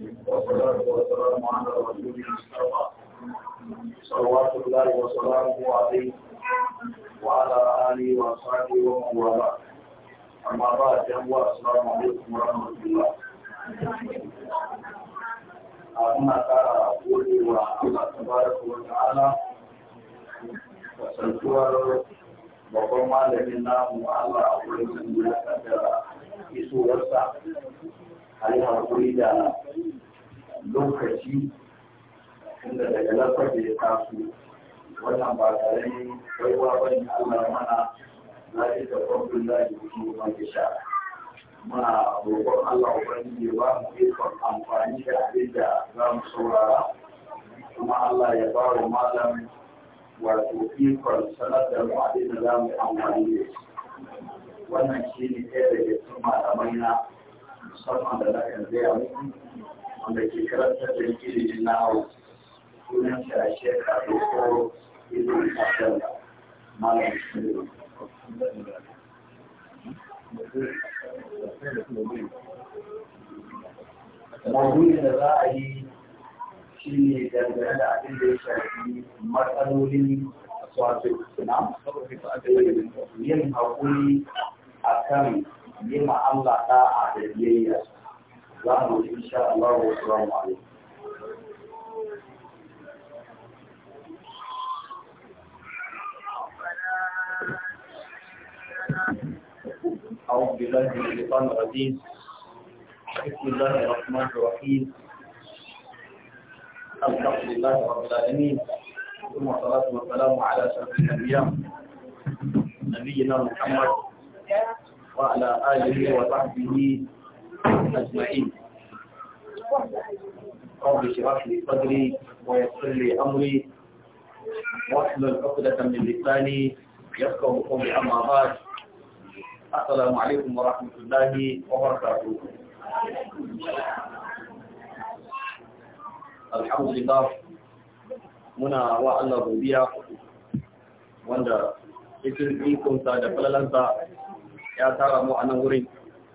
والصلاة والسلام على رسول المصطفى صلوات الله وسلامه عليه وعلى آله وأصحابه ومن والاه أما بعد يا السلام عليكم ورحمة الله muna ƙara gode wa Allah tabaraka wa ta'ala kasantuwar babban malamin namu Allah a wurin sun da isowarsa a haƙuri da lokaci inda daga lafar da ya taso wannan ba tare baiwa ba ne Allah mana na yi da kwamfin da ke cikin wani sha muna roƙon Allah ubangiji ba mu ikon amfani da abin da za mu saurara kuma Allah ya ba wa malam wato ikon sanar da mu abin da za mu amfani da shi wannan shi ne ɗaya daga cikin malamai na musamman da za ka zai muku wanda ke karanta da ilimin nawo sunan shi a shekaru ko da kafin malam shirin Mawuyin da za a yi shi ne dangane da abin da ya shafi matsalolin wato suna yin haƙuri a kan مما ma Allah da'a da إن شاء الله والسلام عليكم أعوذ بالله من الشيطان الرجيم بسم الله الرحمن الرحيم الحمد لله رب العالمين ثم الصلاة والسلام على أشرف الأنبياء نبينا محمد وعلى آله وصحبه أجمعين رب اشرح لي صدري ويسر لي أمري واحلل عقدة من لساني يفقه قولي أما بعد السلام عليكم ورحمة الله وبركاته الحمد لله muna وعلى ربيع godiya wanda cikin ikonsa da ya tara mu a nan wurin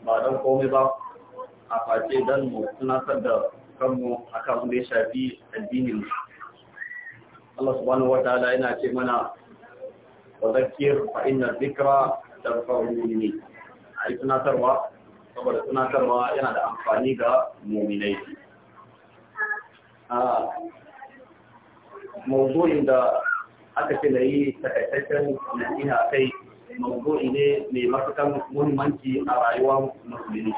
ba don komai ba a face don mu tunatar da kanmu a kan da ya shafi addinin Allah subhanahu wa ta'ala yana ce mana wa zakir fa inna dhikra tanfa'u A ai tunatarwa saboda tunatarwa yana da amfani ga mu'minai a mawdu'in da aka ce na yi takaitaccen nasiha kai mawdu'i ne mai matukan muhimmanci a rayuwar musulmi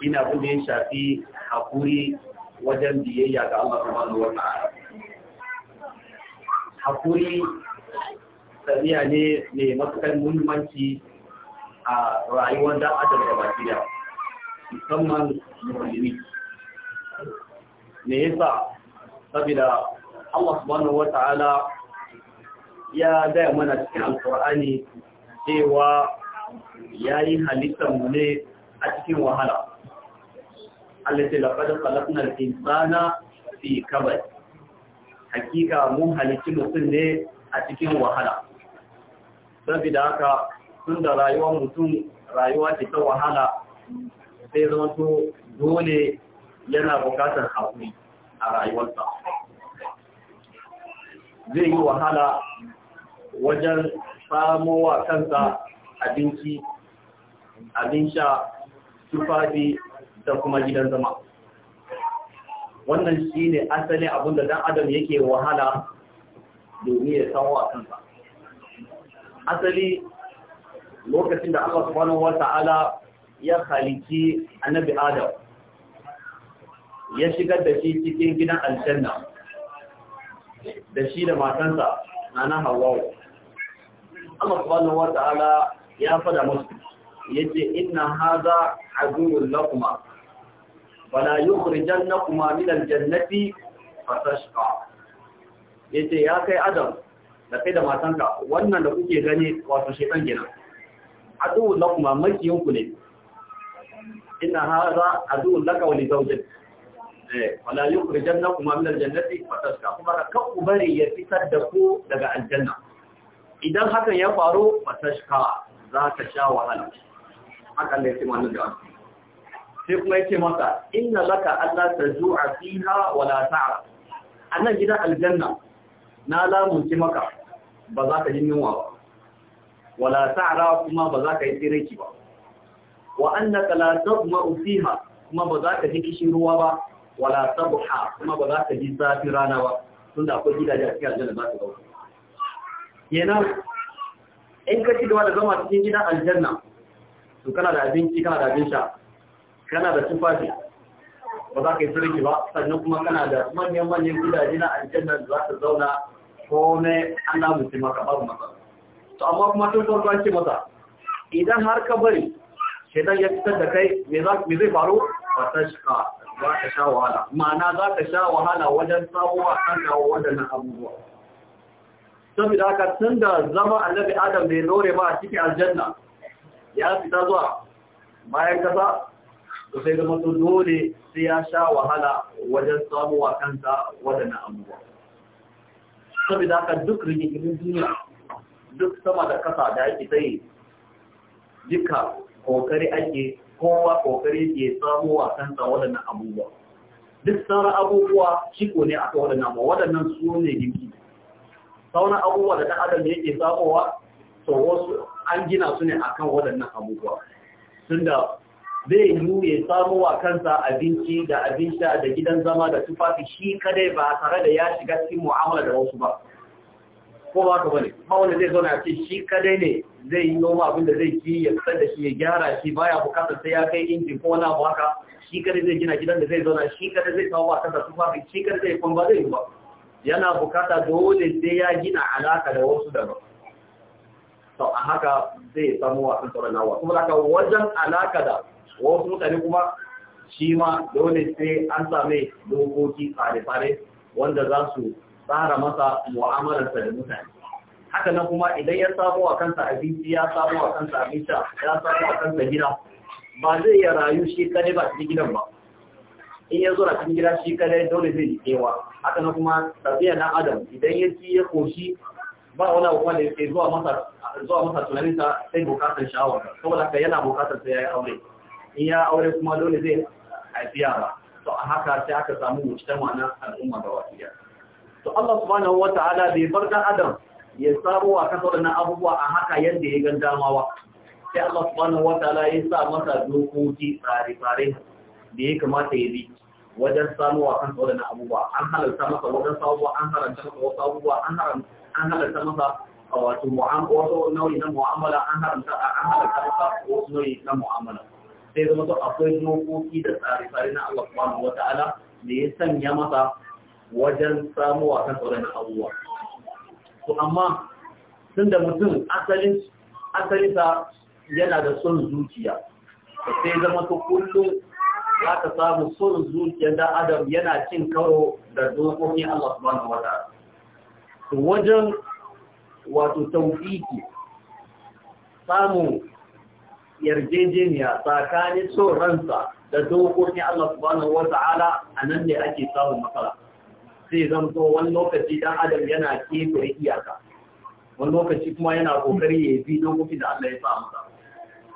ina abin da ya shafi hakuri wajen biyayya ga Allah subhanahu wa ta'ala hakuri tsariya ne mai matukan muhimmanci a rayuwar dan adam da baki da musamman musulmi me yasa saboda Allah subhanahu wa ta'ala ya gaya mana cikin alkur'ani cewa ya yi mu ne a cikin wahala allata lafadar falafinar insana fi kabar hakika mun halittu mutum ne a cikin wahala saboda haka tun da rayuwar mutum rayuwa ce ta wahala sai zamanto dole yana bukatar haƙuri a rayuwarsa zai yi wahala wajen samo wa kansa abinci abin sha tufafi da kuma gidan zama wannan shi ne asali abinda dan adam yake wahala domin ya samo wa kansa asali lokacin da Allah subhanahu wata'ala ya halici annabi Adam ya shigar da shi cikin gidan aljanna da shi da matansa na Hawwa Allah subhanahu wa ta'ala ya fada musu yace inna hadha aduwwun lakuma wala yukhrijannakuma min aljannati fatashqa yace ya kai adam da kai da matanka wannan da kuke gani wato shaytan gina aduwwun lakuma makiyin ku ne inna hadha aduwwun laka wa li zawjik eh fala yukhrijannakuma min aljannati fatashqa kuma ka ku bari ya fitar da ku daga aljanna idan hakan ya faru fatashka za ka sha wahala haka ne sai wannan da sai kuma yake masa inna laka alla tazu'a fiha wala ta'a annan gidan aljanna na lamunci maka ba za ka yi yunwa ba wala ta'ra kuma ba za ka yi tsireki ba wa annaka la tadma'u fiha kuma ba za ka ji kishin ruwa ba wala tabha kuma ba za ka ji zafi rana ba tunda akwai gidaje a cikin aljanna za ka ga kenan in ka ci gaba da zama cikin gidan aljanna to kana da abinci kana da abin sha kana da tufafi ba za ka yi sirki ba sannan kuma kana da manyan manyan gidaje na aljanna da za ka zauna an Allah mutum maka babu masa to amma kuma tun farko an ce masa idan har ka bari shaitan ya fitar da kai me zai faru ba ta shika za ka sha wahala ma'ana za ka sha wahala wajen samuwa kan kawo waɗannan abubuwa saboda haka tun da zama annabi adam bai lore ba a cikin aljanna ya fita zuwa bayan kasa da sai zama masu dole sai ya sha wahala wajen samuwa kanta waɗannan abubuwa saboda haka duk rigimin duniya duk sama da kasa da ake yi duka kokari ake kowa kokari ke samuwa kanta waɗannan abubuwa duk sauran abubuwa ciko ne aka wadana ma waɗannan su ne gimki Sauna abubuwa da ɗan da yake zaɓowa to wasu an gina su ne a kan waɗannan abubuwa tun da zai yiwu ya samo wa kansa abinci da abin sha da gidan zama da tufafi shi kadai ba tare da ya shiga cikin mu'amala da wasu ba ko ba ka bane ba wanda zai zauna ce shi kadai ne zai yi noma abin da zai ci ya fitar da shi ya gyara shi ba ya bukatar sai ya kai injin ko wani abu haka shi kadai zai gina gidan da zai zauna shi kadai zai kawo wa kansa tufafi shi kadai zai kwamba zai yi ba yana bukata dole sai ya gina alaka da wasu daga, to a haka zai samu wa tsoron nawa kuma daga wajen alaka da wasu mutane kuma shi ma dole sai an same dokoki tsare-tsare wanda za su tsara masa mu'amalarsa da mutane haka nan kuma idan ya samu a kansa abinci ya samu a kansa abinci ya samu a kansa gida ba zai ya rayu shi kadai ba cikin gidan ba in ya zo a cikin gida shi kadai dole zai kewa haka na kuma tafiya na adam idan ya ya koshi ba wani abu da ke zuwa masa tunaninsa sai bukatar shawar saboda ka yana bukatar sai ya yi aure in ya aure kuma dole zai haifi yara to a haka sai aka samu wucitar na al'umma wasu ya to Allah subhanahu wata'ala bai bar dan adam ya samu a kasa na abubuwa a haka yadda ya gan damawa sai Allah subhanahu Ta'ala ya sa masa dokoki tsare-tsare da ya kamata ya bi wajen samuwa kan waɗannan abubuwa an halarta masa wajen samuwa an haramta masa wasu abubuwa an halarta masa wato wasu nau'i na mu'amala an an halarta masa wasu nau'i na mu'amala sai zama to akwai dokoki da tsare-tsare na Allah subhanahu wata'ala da ya sanya masa wajen samuwa kan waɗannan abubuwa to amma tunda mutum asalin asalinsa yana da son zuciya sai zama to kullum za ka samu son zuciyar da adam yana cin karo da dokokin Allah subhanahu wa ta'ala wajen wato tawfiki samu yarjejeniya tsakanin son ransa da dokokin Allah subhanahu wa ta'ala a nan ne ake samun matsala sai zo wani lokaci dan adam yana kefe iyaka wani lokaci kuma yana kokari ya bi dokokin da Allah ya sa masa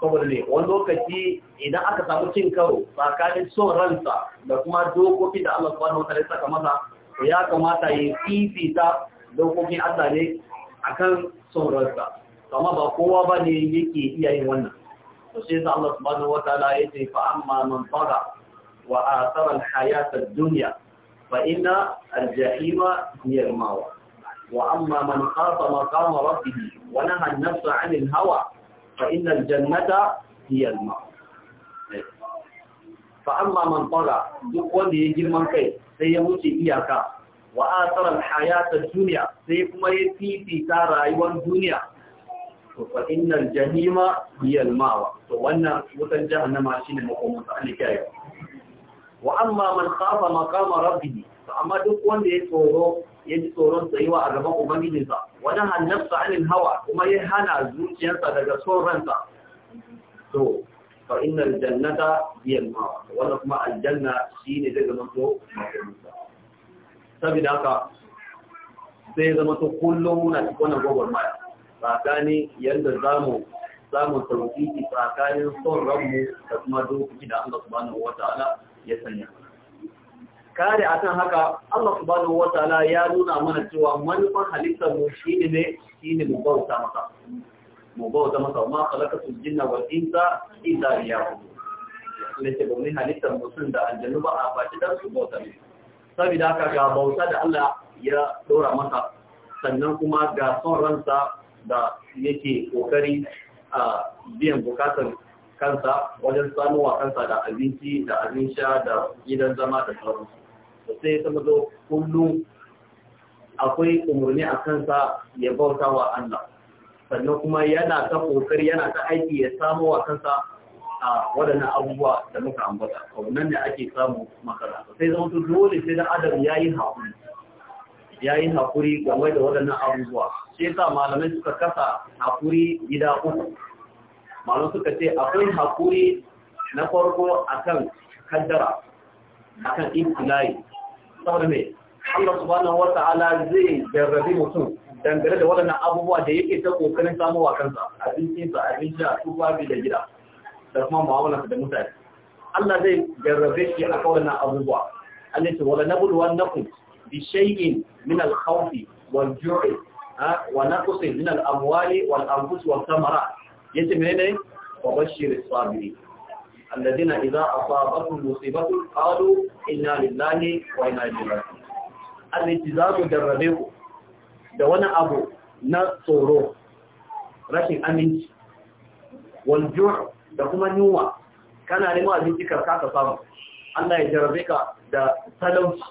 saboda ne wani lokaci idan aka samu cin karo tsakanin son ransa da kuma dokokin da Allah subhanahu wa ta'ala ya saka masa ya kamata ya fifita dokokin Allah ne akan son ransa amma ba kowa ba ne yake iya yin wannan to sai sa Allah subhanahu wa ta'ala ya ce fa amma man faga wa athara al-hayata ad-dunya fa inna al-jahima hiya al-mawa wa amma man khafa maqama rabbih wa nahaa nafsa 'anil hawa فإن الجنة هي الماء فأما من طغى duk wanda ya girman kai sai ya wuce iyaka wa asarar hayatar duniya sai kuma ya fifita rayuwar duniya to fa innal jahima hiya mawa to wannan wutan jahannama shine makomin sa alkiyaya wa amma man khafa maqama rabbih amma duk wanda ya tsoro ya ji tsoron tsayuwa a gaban ubangijinsa wani hannarsa anin hawa kuma ya hana zuciyarsa daga tsoronsa to fa innal jannata biyan mawa wanda kuma aljanna ne zai zama to makomansa saboda haka sai zama to kullum muna cikin wannan gwagwarmaya tsakani yadda za mu samun sauƙi tsakanin son ranmu da kuma dokoki da Allah subhanahu wa ta'ala ya sanya kare akan haka Allah subhanahu wa ta'ala ya nuna mana cewa manufan halittar mu shine ne shi ne mu bauta masa mu bauta masa ma khalaqatul jinna wal insa illa liya'budun ne ce domin halittar mu sun da aljanu ba a faɗi da su bauta ne saboda haka ga bauta da Allah ya ɗora masa sannan kuma ga son ransa da yake ƙoƙari a biyan bukatar kansa wajen samuwa kansa da abinci da abin sha da gidan zama da sauransu sai ta zo kullum akwai umarni a kansa ya bauta wa Allah sannan kuma yana ta kokari yana ta aiki ya samu wa kansa a waɗannan abubuwa da muka ambata wannan ne ake samu makara sai zama to dole sai da adam ya yi haƙuri ya yi haƙuri game da waɗannan abubuwa sai sa malamai suka kasa haƙuri gida uku malamai suka ce akwai haƙuri na farko akan kaddara akan ibtilai saboda ne Allah subhanahu wa ta'ala zai jarrabi mutum dangane da waɗannan abubuwa da yake ta kokarin samowa kansa abincinsa abinci a tufafi da gida da kuma mu'amala da mutane Allah zai jarrabe shi a kawai abubuwa Allah ce wala nabulu wa nakum bi shay'in min al-khawf wal ju'i wa naqsin min al-amwali wal anfus wal thamarat yace menene wa bashir as الذين إذا أصابتهم مصيبة قالوا إنا لله وإنا إليه راجعون الالتزام دربه da wani abu na tsoro rashin aminci waljur da kuma yunwa kana nema abinci karka ka samu Allah ya jarabe ka da talauci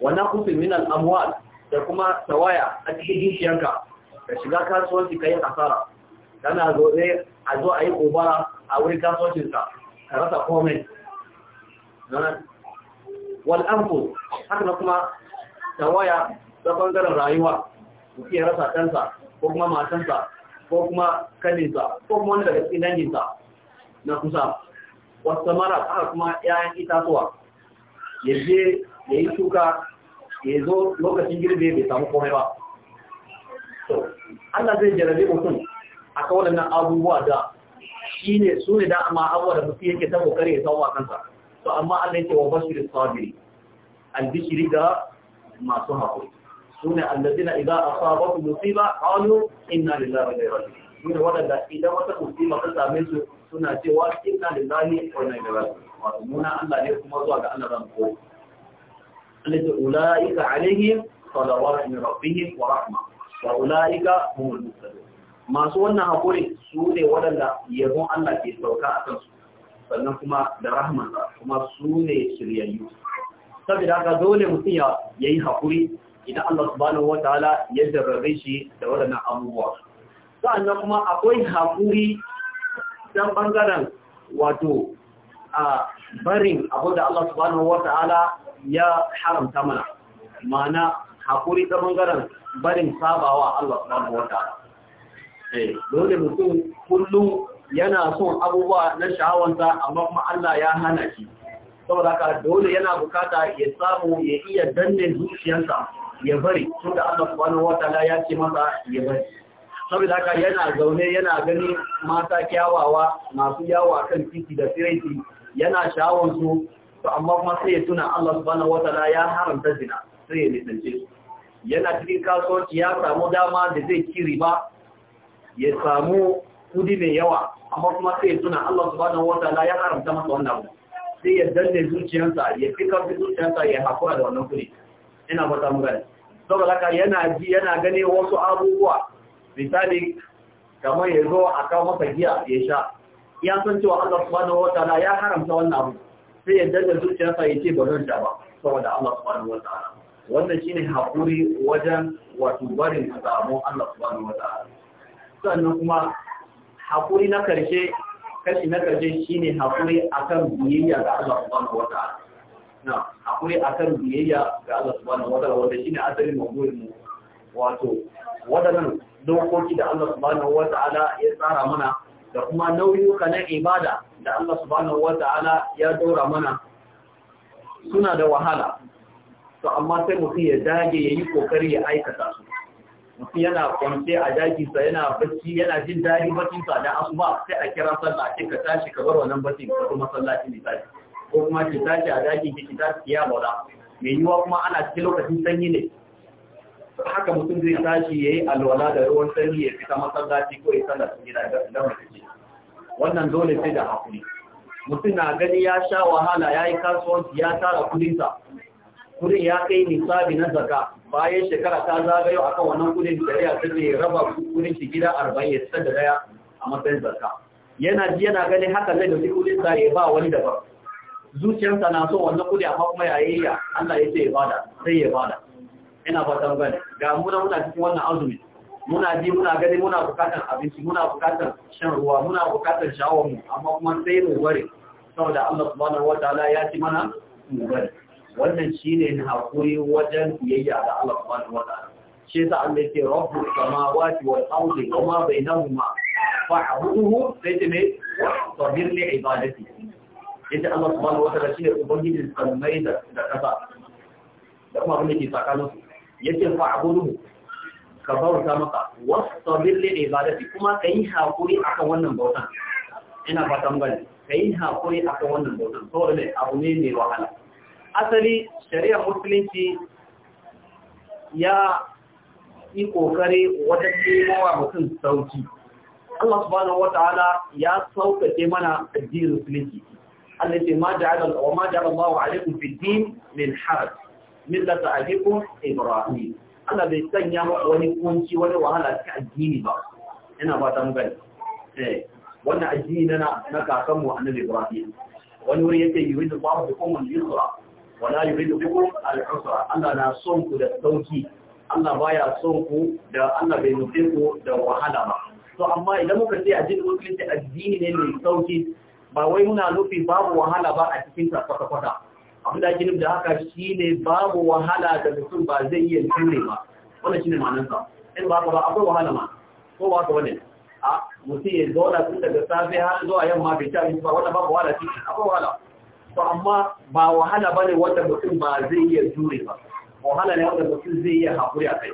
wana kufin min al'amwal da kuma tawaya a cikin jishiyarka ka shiga kasuwanci ka yi asara kana zoye a zo a yi kobara a wurin kasuwancinsa ka rasa komai wal'amfu haka na kuma tawaya ta ɓangaren rayuwa mutum ya rasa ɗansa ko kuma matansa ko kuma kaninsa ko kuma wani daga tsinanninsa na kusa wasu mara haka kuma ‘ya'yan itatuwa ya je ya yi shuka ya zo lokacin girbe bai samu komai ba. Allah zai jarabe mutum a kawalan abubuwa da shi ne su ne da amma abuwa da mutum yake ta kokari ya sauwa kansa to amma Allah yake wa bashir sabiri albishiri ga masu haƙuri su ne alladina idan asabatu musiba qalu inna lillahi wa inna ilaihi raji'un su ne wadanda idan wata musiba ta same su suna cewa inna lillahi wa inna ilaihi raji'un wato muna Allah ne kuma zuwa ga Allah zan ko alladhi ulaika alaihim salawatu min rabbihim wa rahma wa ulaika humul muttaqun masu wannan hakuri su ne waɗanda yabon Allah ke sauka a kansu sannan kuma da rahmansa kuma su ne shiryayyu saboda ga dole mutum ya yi hakuri, idan Allah subhanahu wataala ya jarrabe shi da waɗannan abubuwa sa'annan kuma akwai haƙuri dan bangaren wato a barin abu da Allah subhanahu wataala ya haramta mana ma'ana hakuri ta bangaren barin sabawa Allah subhanahu wataala Eh, dole mutum kullum yana son abubuwa na sha'awansa amma kuma Allah ya hana shi saboda haka dole yana bukata ya samu ya iya danne zuciyarsa ya bari tunda Allah subhanahu wataala ya ce masa ya bari saboda haka yana zaune yana gani mata kyawawa masu yawo kan titi da tsiraiti yana sha'awar su to amma kuma sai ya tuna Allah subhanahu wataala ya haramta zina sai ya nitsance yana cikin kasuwanci ya samu dama da zai ci riba ya samu kudi mai yawa amma kuma sai ya tuna Allah subhanahu wataala ya haramta masa wannan abu sai ya danne zuciyarsa ya fi karfi zuciyarsa ya hakura da wannan kudi ina fata mu gani saboda haka yana ji yana gane wasu abubuwa misali kamar ya zo a kawo masa giya ya sha ya san cewa Allah subhanahu wataala ya haramta wannan abu sai ya danne zuciyarsa ya ce ba zan sha ba saboda Allah subhanahu wataala wannan shine hakuri wajen wato barin samu Allah subhanahu wataala sannan kuma haƙuri na ƙarshe kashi na ƙarshe shi ne haƙuri a kan biyayya ga Allah subhanahu wa na haƙuri a kan biyayya ga Allah subhanahu wa wanda shi ne asalin maburin mu wato waɗannan dokoki da Allah subhanahu wata ala ya tsara mana da kuma nauyuka na ibada da Allah subhanahu wata ala ya daura mana suna da wahala to amma sai mutum ya dage ya yi kokari ya aikata su mutum yana kwance a dakinsa yana bacci yana jin daɗi bakinsa da asuba sai a kira sallah ce ka tashi ka bar wannan bacin ka kuma sallah ne tashi ko kuma ki tashi a dakin ki ki tashi ya me yiwa kuma ana cikin lokacin sanyi ne haka mutum zai tashi yayi alwala da ruwan sanyi ya fita masallaci ko ya sallah cikin gida da mutum wannan dole sai da hakuri mutum na gani ya sha wahala ya yi kasuwanci ya tara kudinsa kudin ya kai nisabi na zaka bayan shekara ta zagayo a kan wannan kudin shari'a ta ce raba kudin shi gida arba'in ya fitar da daya a matsayin zaka yana ji yana ganin haka zai dauki kudin sa ya ba wani daban zuciyarsa na so wannan kudi amma kuma ya yi ya Allah ya ce ya bada sai ya bada ina fatan gani ga muna muna cikin wannan azumi muna ji muna gani muna bukatar abinci muna bukatar shan ruwa muna bukatar shawar mu amma kuma sai mu bare saboda Allah subhanahu wataala ya ci mana mu gani. wannan shi na hakuri wajen biyayya da Allah subhanahu wa ta'ala shi yasa Allah yake rabbu samawati wal ardi wa ma bainahuma fa'buduhu sai ta ne sabir li ibadati yace Allah subhanahu wa ta'ala shi ne ubangiji da da kasa da kuma abin da ke tsakanin su fa abuduhu ka bauta maka wasabir li ibadati kuma kai hakuri akan wannan bautan ina fatan yi kai hakuri akan wannan bautan saboda abu ne mai wahala asali shari'ar musulunci ya yi ƙoƙari wata kemowa mutum sauki Allah subhanahu wa ta'ala ya sauƙaƙe mana addinin musulunci Allah ce ma ja'ala wa ma ja'ala Allahu alaikum fi din min haraj millata abikum Ibrahim Allah bai sanya maka wani kunci wani wahala cikin addini ba ina ba ta gani eh wannan addini na na kakanmu annabi Ibrahim wani wuri yake yi yuridu Allahu bikum al-yusra wala yuridu bikum al-usra Allah na son ku da sauki Allah baya son ku da Allah bai nufi ku da wahala ba to amma idan muka ce addinin musulunci addini ne mai sauki ba wai muna nufi babu wahala ba a cikin sa kwata-kwata abinda ake nufi da haka shine babu wahala da mutum ba zai iya tsire ba wannan shine ma'anar sa in ba ba akwai wahala ma ko ba ka wani a mutum ya tun daga safe har zuwa yamma bai ci abinci ba wannan babu wahala ciki akwai wahala to amma ba wahala ba ne wanda mutum ba zai iya jure ba wahala ne wanda mutum zai iya haƙuri a kai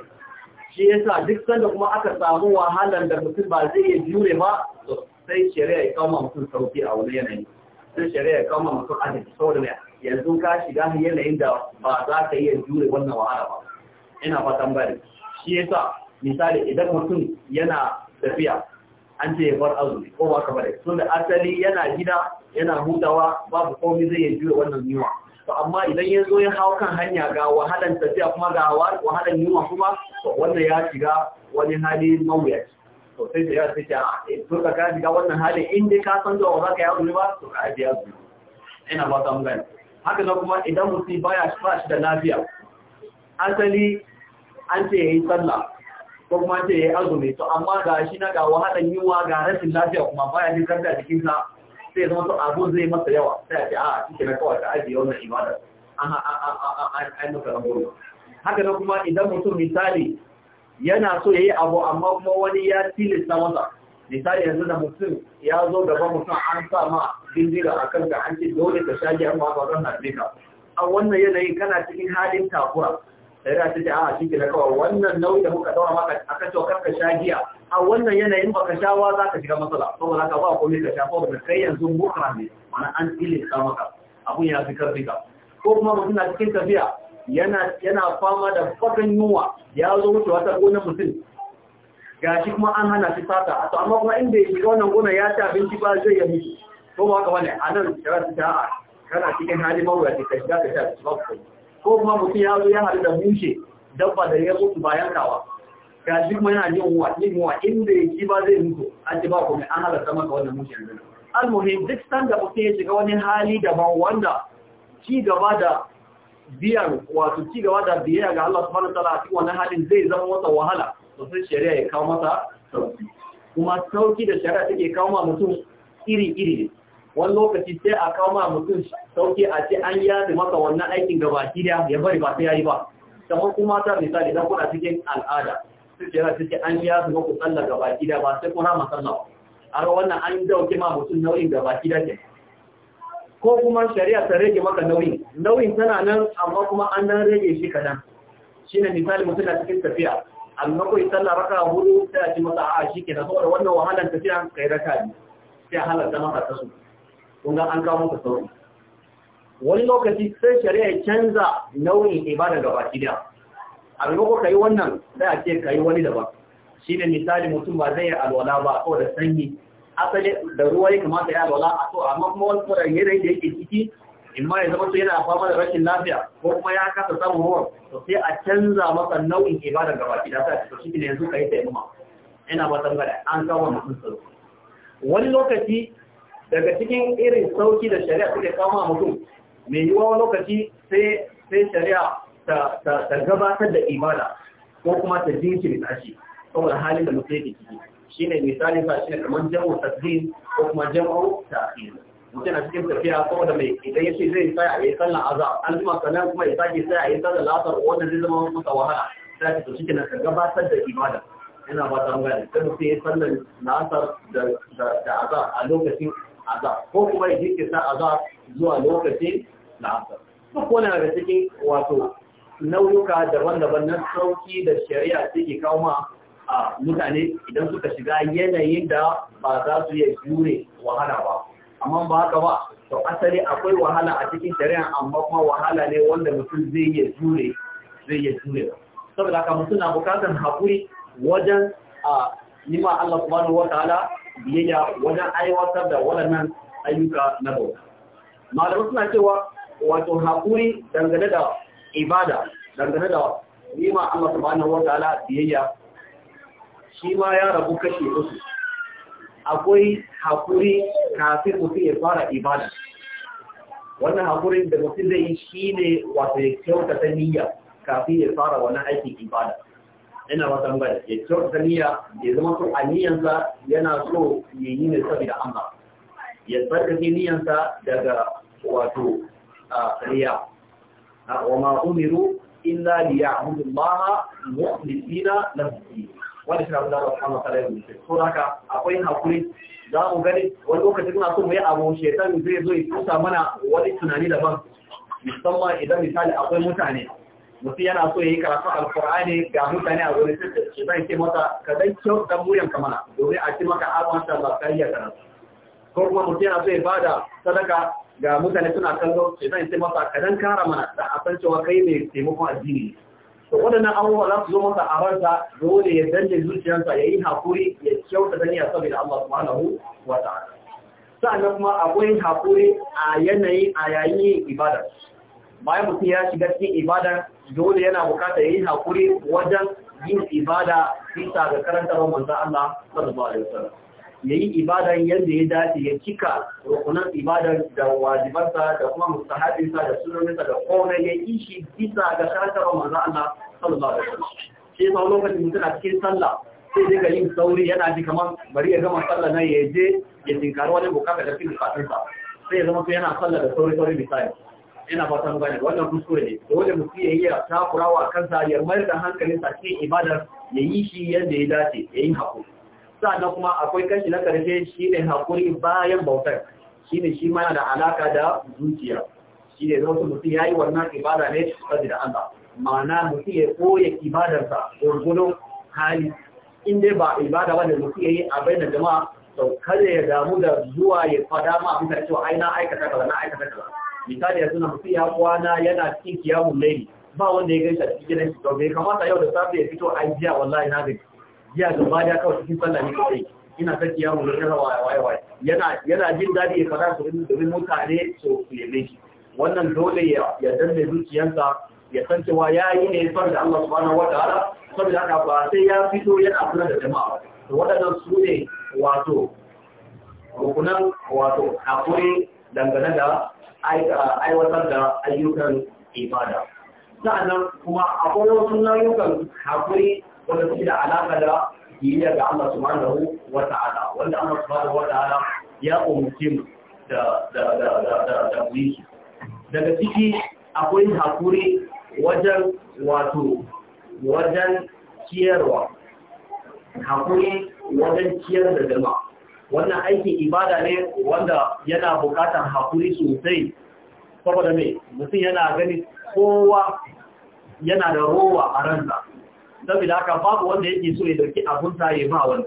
shi yasa duk sanda kuma aka samu wahalan da mutum ba zai iya jure ba sai shari'a ya kama mutum sauki a wani yanayi sai shari'a ya kama mutum adalci saboda ne yanzu ka shiga yanayin da ba za ka iya jure wannan wahala ba ina fatan bari shi yasa misali idan mutum yana tafiya an ce ya bar azumi ko ba ka bare tunda da asali yana gida yana hutawa babu komai zai yi wannan yunwa to amma idan ya zo ya hawo kan hanya ga wahalan tafiya kuma ga wahalan yunwa kuma to wannan ya shiga wani hali mawuyaci to sai da yawa sai ce eh, to ka ka shiga wannan hali, in dai ka san cewa za ka yi azumi ba to ka ajiye azumi ina ba ta mun haka na kuma idan mutum baya shi da lafiya asali an ce ya yi sallah ko kuma ce ya azumi to amma ga shi na gawa wahalan yiwa ga rashin lafiya kuma baya jin karta jikinsa sai zama to abu zai masa yawa sai a ce a ah, cikin na kawai ta ajiye wannan an an masa rangoro haka nan kuma idan mutum misali yana so ya yi abu amma kuma wani ya tilasta masa misali yanzu da mutum ya zo gaba mutum an sa ma bindiga a kanka an ce dole ka shaji amma ba zan ka a wannan yanayin kana cikin halin takura sai ta ce a shi da kawai wannan nauyi da muka daura maka aka ce karka sha giya a wannan yanayin ba ka sha wa ka shiga matsala saboda ka ba komai ka sha saboda kai yanzu mukra ne mana an tilasta maka abun ya fi karfi ka ko kuma mutum na cikin tafiya yana yana fama da fakan yunwa ya zo wucewa ta gonar mutum gashi kuma an hana shi fata to amma kuma inda ya shiga wannan gonar ya ci abinci ba zai yi mutu ko ba haka bane a nan shara ta a kana cikin hali mawuyaci ka shiga ka sha ba ku ko kuma mutum ya zo ya haɗu da mushe dabba da ya mutu bayan kawa ga shi kuma yana jin wa jin wa inda ya ba zai mutu a ce ba ku mai an halatta maka wannan mushe yanzu almuhim duk sanda mutum ya shiga wani hali daban wanda ci gaba da biyar wato ci gaba da biyar ga Allah subhanahu wa ta'ala a cikin wannan halin zai zama wata wahala to sai shari'a ya kawo masa sauki kuma sauki da shari'a take kawo ma mutum iri iri wani lokaci sai a kawo ma mutum sauke a ce an yaɗi maka wannan aikin gaba kiriya ya bari ba ta yayi ba kamar kuma ta misali dan kuna cikin al'ada suke yana cikin an yaɗi maku sallar gaba kiriya ba sai kuna masallah a ga wannan an dauke ma mutum nauyin gaba kiriya ke ko kuma shari'a ta rage maka nauyin nauyin tana nan amma kuma an dan rage shi kadan shine misali mutum na cikin tafiya amma ko sallah raka hudu da a masa a shi ke da saboda wannan wahalar tafiya kai raka ne sai halarta maka tasu kun ga an kawo maka sauri wani lokaci sai shari'a ya canza nauyin ibada baki da a maimakon kai wannan sai a ce kai wani daban shi ne misali mutum ba zai yi alwala ba ko da sanyi asali da ruwa ya kamata ya alwala a to amma kuma wani tsoron yanayi da yake ciki in ma ya zama su yana fama da rashin lafiya ko kuma ya kasa samun ruwan to sai a canza masa nau'in ibada baki da sai to shi ne yanzu kai taimama ina ba tambaya an kawo mutum tsaro wani lokaci daga cikin irin sauki da shari'a suke kawo mutum mai yiwa wani lokaci sai shari'a ta gabatar da imana ko kuma ta tashi shi saboda halin da mutane yake ciki shi ne misali sa shi ne kamar jam'u zin ko kuma jam'u ta'khir mutane a cikin tafiya da mai idan ce zai tsaya a yi sallar aza an zuma sannan kuma ya sake sai a yi sallar lasar wanda zai zama masa wahala sai ka tafi kina ta gabatar da imana yana ba ta gane sai mutum ya sallar lasar da aza a lokacin azab ko kuma ya sa azab zuwa lokacin la'asar duk wani daga cikin wato nauyuka daban-daban na sauki da shari'a take kawo ma a mutane idan suka shiga yanayin da ba za su iya jure wahala ba amma ba haka ba to asali akwai wahala a cikin shari'a amma kuma wahala ne wanda mutum zai iya jure zai iya jure ba saboda haka mutum na bukatar haƙuri wajen a nima Allah subhanahu wa ta'ala biyayya wajen aiwatar da waɗannan ayyuka na bauta malamai suna cewa wato haƙuri dangane da ibada dangane da nima Allah wata ala biyayya shi ma ya rabu kashe musu akwai haƙuri kafin mutum ya fara ibada wannan haƙurin da mutum zai yi shi ne wato ya ta niyya kafin ya fara wannan aikin ibada Yana wata an gane ya kyauta niyya ya zama so a niyyansa yana so ya yi ne saboda Allah ya tsarkake niyyansa daga wato riya wa ma umiru illa li ya'budu Allah mukhlisina lahu din wanda shi Allah subhanahu wa ta'ala ya yi so haka akwai hakuri za mu gani wani lokacin na so mu yi abu shetan zai zo ya kusa mana wani tunani daban musamman idan misali akwai mutane mutum yana so ya yi karatu alkur'ani ga mutane a wurin sassace zai ce mata ka zai kyau dan muyan kamana domin a ci maka abuwan sa ba yi a karatu ko kuma mutum yana so ya ba da sadaka ga mutane suna kallo ce zai ce mata ka dan kara mana da a san cewa kai mai taimakon addini to waɗannan abubuwa za su zo masa a ransa dole ya danne zuciyarsa ya yi hakuri ya kyauta daniya saboda Allah subhanahu wa ta'ala sannan kuma akwai hakuri a yanayi a yayin ibada bayan mutum ya shiga cikin ibada dole yana bukata yayi hakuri wajen yin ibada bisa ga karantarwar manzon Allah sallallahu alaihi wasallam yayi ibada yadda ya dace ya cika rukunan ibadar da wajibansa da kuma mustahabinsa da sunaninsa da komai ya yi shi bisa ga karantarwar manzon Allah sallallahu alaihi wasallam sai sau lokacin mutum a cikin sallah sai daga yin sauri yana ji kamar bari ya gama sallah na ya je ya tinkari wani bukata da cikin bukatunsa sai ya zama yana sallah da sauri sauri misali ina fata mu gane wannan kuskure ne dole mu ya iya takurawa kansa ya mayar da hankalin sa cikin ibadar ya yi shi yadda ya dace ya yi haƙuri sa'adda kuma akwai kashi na shi ne haƙuri bayan bautar shi ne shi mana da alaƙa da zuciya Shi shine mutu mutum yi wannan ibada ne da Allah ma'ana mutum ya koya ibadarsa gurgunan hali in dai ba ibada wanda mutum yi a bayyana jama'a sau kada ya damu da zuwa ya fada ma mutane cewa ai na aikata kaza na aikata kaza misali yanzu na mutum ya kwana yana cikin kiyamun laili ba wanda ya gaisa cikin gidan shi to bai kamata yau da safe ya fito a jiya wallahi na gani jiya gaba ya kawai cikin sallah ne kai ina ta kiyamun laili na waye waye yana yana jin daɗi ya fara su domin mutane su neme shi wannan dole ya ya danne zuciyarsa ya san cewa ya yi ne da Allah subhanahu ta'ala saboda haka ba sai ya fito yana kula da jama'a to waɗannan su ne wato rukunan wato hakuri dangane da aiwatar da ayyukan ibada sa'annan kuma akwai wasu nau'ukan haƙuri wanda suke da alaƙa da biyayya ga Allah subhanahu wata ta'ala wanda Allah subhanahu wata ta'ala ya umarci mu da da da da da da wiki daga ciki akwai haƙuri wajen wato wajen ciyarwa haƙuri wajen ciyar da jama'a wannan aikin ibada ne wanda yana bukatar hakuri sosai saboda mai mutum yana gani kowa yana da rowa a ranta. saboda haka babu wanda yake so ya dauki abun ta taye ba wani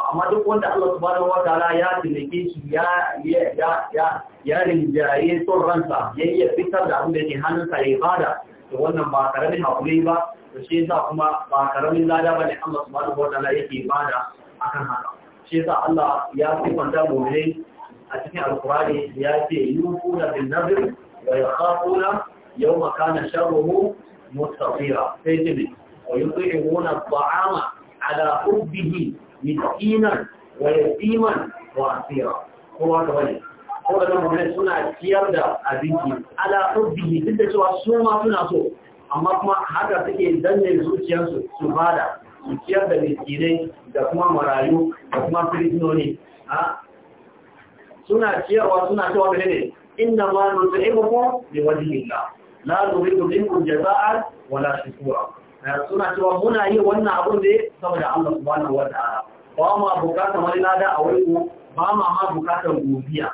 amma duk wanda Allah subhanahu ta'ala ya tilike shi ya ya ya ya rinjaye son ransa ya iya fitar da abin da yake hannunsa ya bada to wannan ba karamin hakuri ba to shi yasa kuma ba karamin lada bane Allah subhanahu ta'ala yake bada akan haka shi yasa Allah ya kwanta mu'minai a cikin alkurani ya ce kuna bin nadr wa yakhafuna yawma kana sharruhu mustatira sai ce ne wa yuti'una at'ama ala hubbihi miskinan wa yatiman wa asira kowa ga wani ko da suna ciyar da abinci ala hubbihi duk da cewa su ma suna so amma kuma haka suke danne zuciyarsu su bada ciyar da miskinai da kuma marayu da kuma a suna ciyarwa suna cewa mene ne inda ma nut'imukum li na zuri da minkum jaza'ar wala shukura suna cewa muna yi wannan abun ne saboda Allah subhanahu wa ta'ala ba ma bukatar wani lada a wuri ba ma ma bukatar gobiya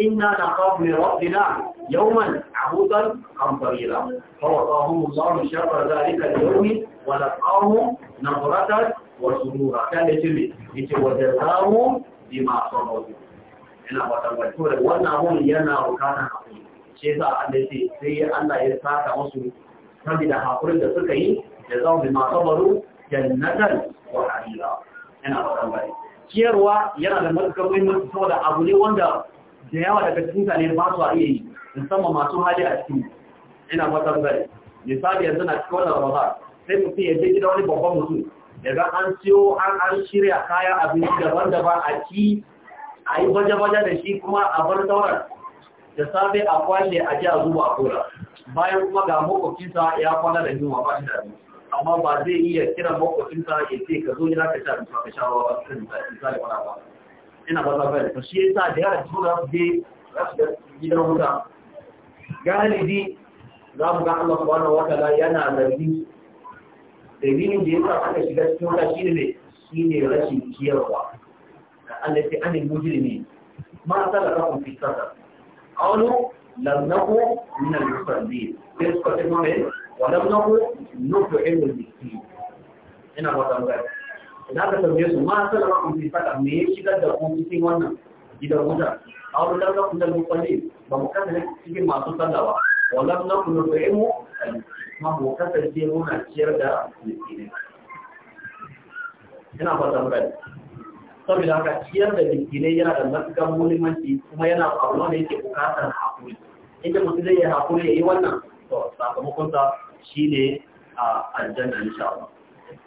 إنا نخاف من ربنا يوما عبودا قمطريرا فوقاهم الله شر ذلك اليوم ولقاهم نظرة وسرورا كان يتمي يتوجزاهم بما صبروا ina fatan bai to wannan abun yana bukatar hakuri Sai yasa Allah ya sai Allah ya saka musu saboda hakurin da suka yi da zama sabaru jannatan wa harira ina fatan bai ciyarwa yana da matukar muhimmanci saboda abu ne wanda da yawa daga cikin mutane ba su iya yi musamman masu hali a cikin ina wata zai misali yanzu na cikin wannan ramadan sai mutum ya je gida wani babban mutum ya ga an siyo an an shirya kaya abinci daban daban a ci a yi baje-baje da shi kuma a bar sauran da safe a kwashe a ji a zuba kora bayan kuma ga makwabcinsa ya kwana da yunwa ba shi da amma ba zai iya kiran makwabcinsa ya ce ka zo na ka sha abinci ba ka sha ruwa ba ka sha misali ba ina ba ta bayar shi yasa da yara tuna je gidan wuta galibi za mu ga Allah subhanahu wa ta'ala yana zargi dalilin da yasa aka shiga cikin wuta shine ne shine rashin ciyarwa da Allah sai anil mujrimi ma salaka fi sadar qalu lam naku min al-musallin sai suka ce mu ne wa lam naku nut'imu al-miskin ina ba ta bayar da aka tambaye su ma sai da kun fi fada me ya shigar da ku cikin wannan gidan wuta a wurin da kun da lokaci ba mu kasance cikin masu sallah ba wallan na kun da mu ma mu kasance muna ciyar da miskinai ina fata mu rai saboda haka ciyar da miskinai yana da matukar muhimmanci kuma yana abu wanda yake bukatar hakuri inda mutum zai yi hakuri ya yi wannan to sa shine a aljanna insha Allah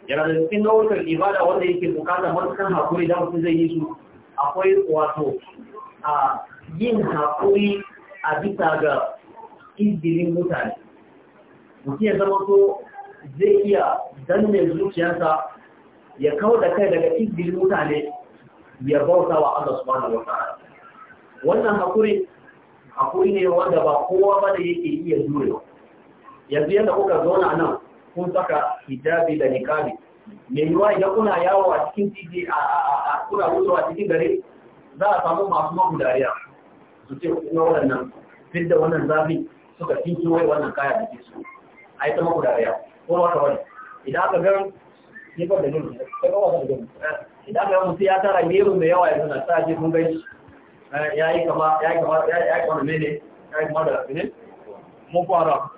yana da cikin nau'ukan ibada wanda yake bukata matukan haƙuri da mutum zai yi su akwai wato a yin haƙuri a bisa ga izinin mutane mutum ya zama so zai iya danne zuciyarsa ya kawo da kai daga izinin mutane ya bauta wa Allah subhanahu wa ta'ala wannan haƙuri haƙuri ne wanda ba kowa ba da yake iya jurewa yanzu yadda kuka zauna nan kun saka hijabi da niqabi me yiwa idan kuna yawo a cikin titi a kuna a cikin gare za a samu masu mamu dariya su ce kuma waɗannan fit da wannan zafi suka tinki wai wannan kaya da ke su a yi ta maku dariya ko wata wani idan aka gan ne ba da nuna ko ba wata da idan aka gan mutum ya tara mero mai yawa yanzu na sa ce kun gani eh, ya yi kama ya yi kama ya yi kama mene ya yi kama da rafinin mun fara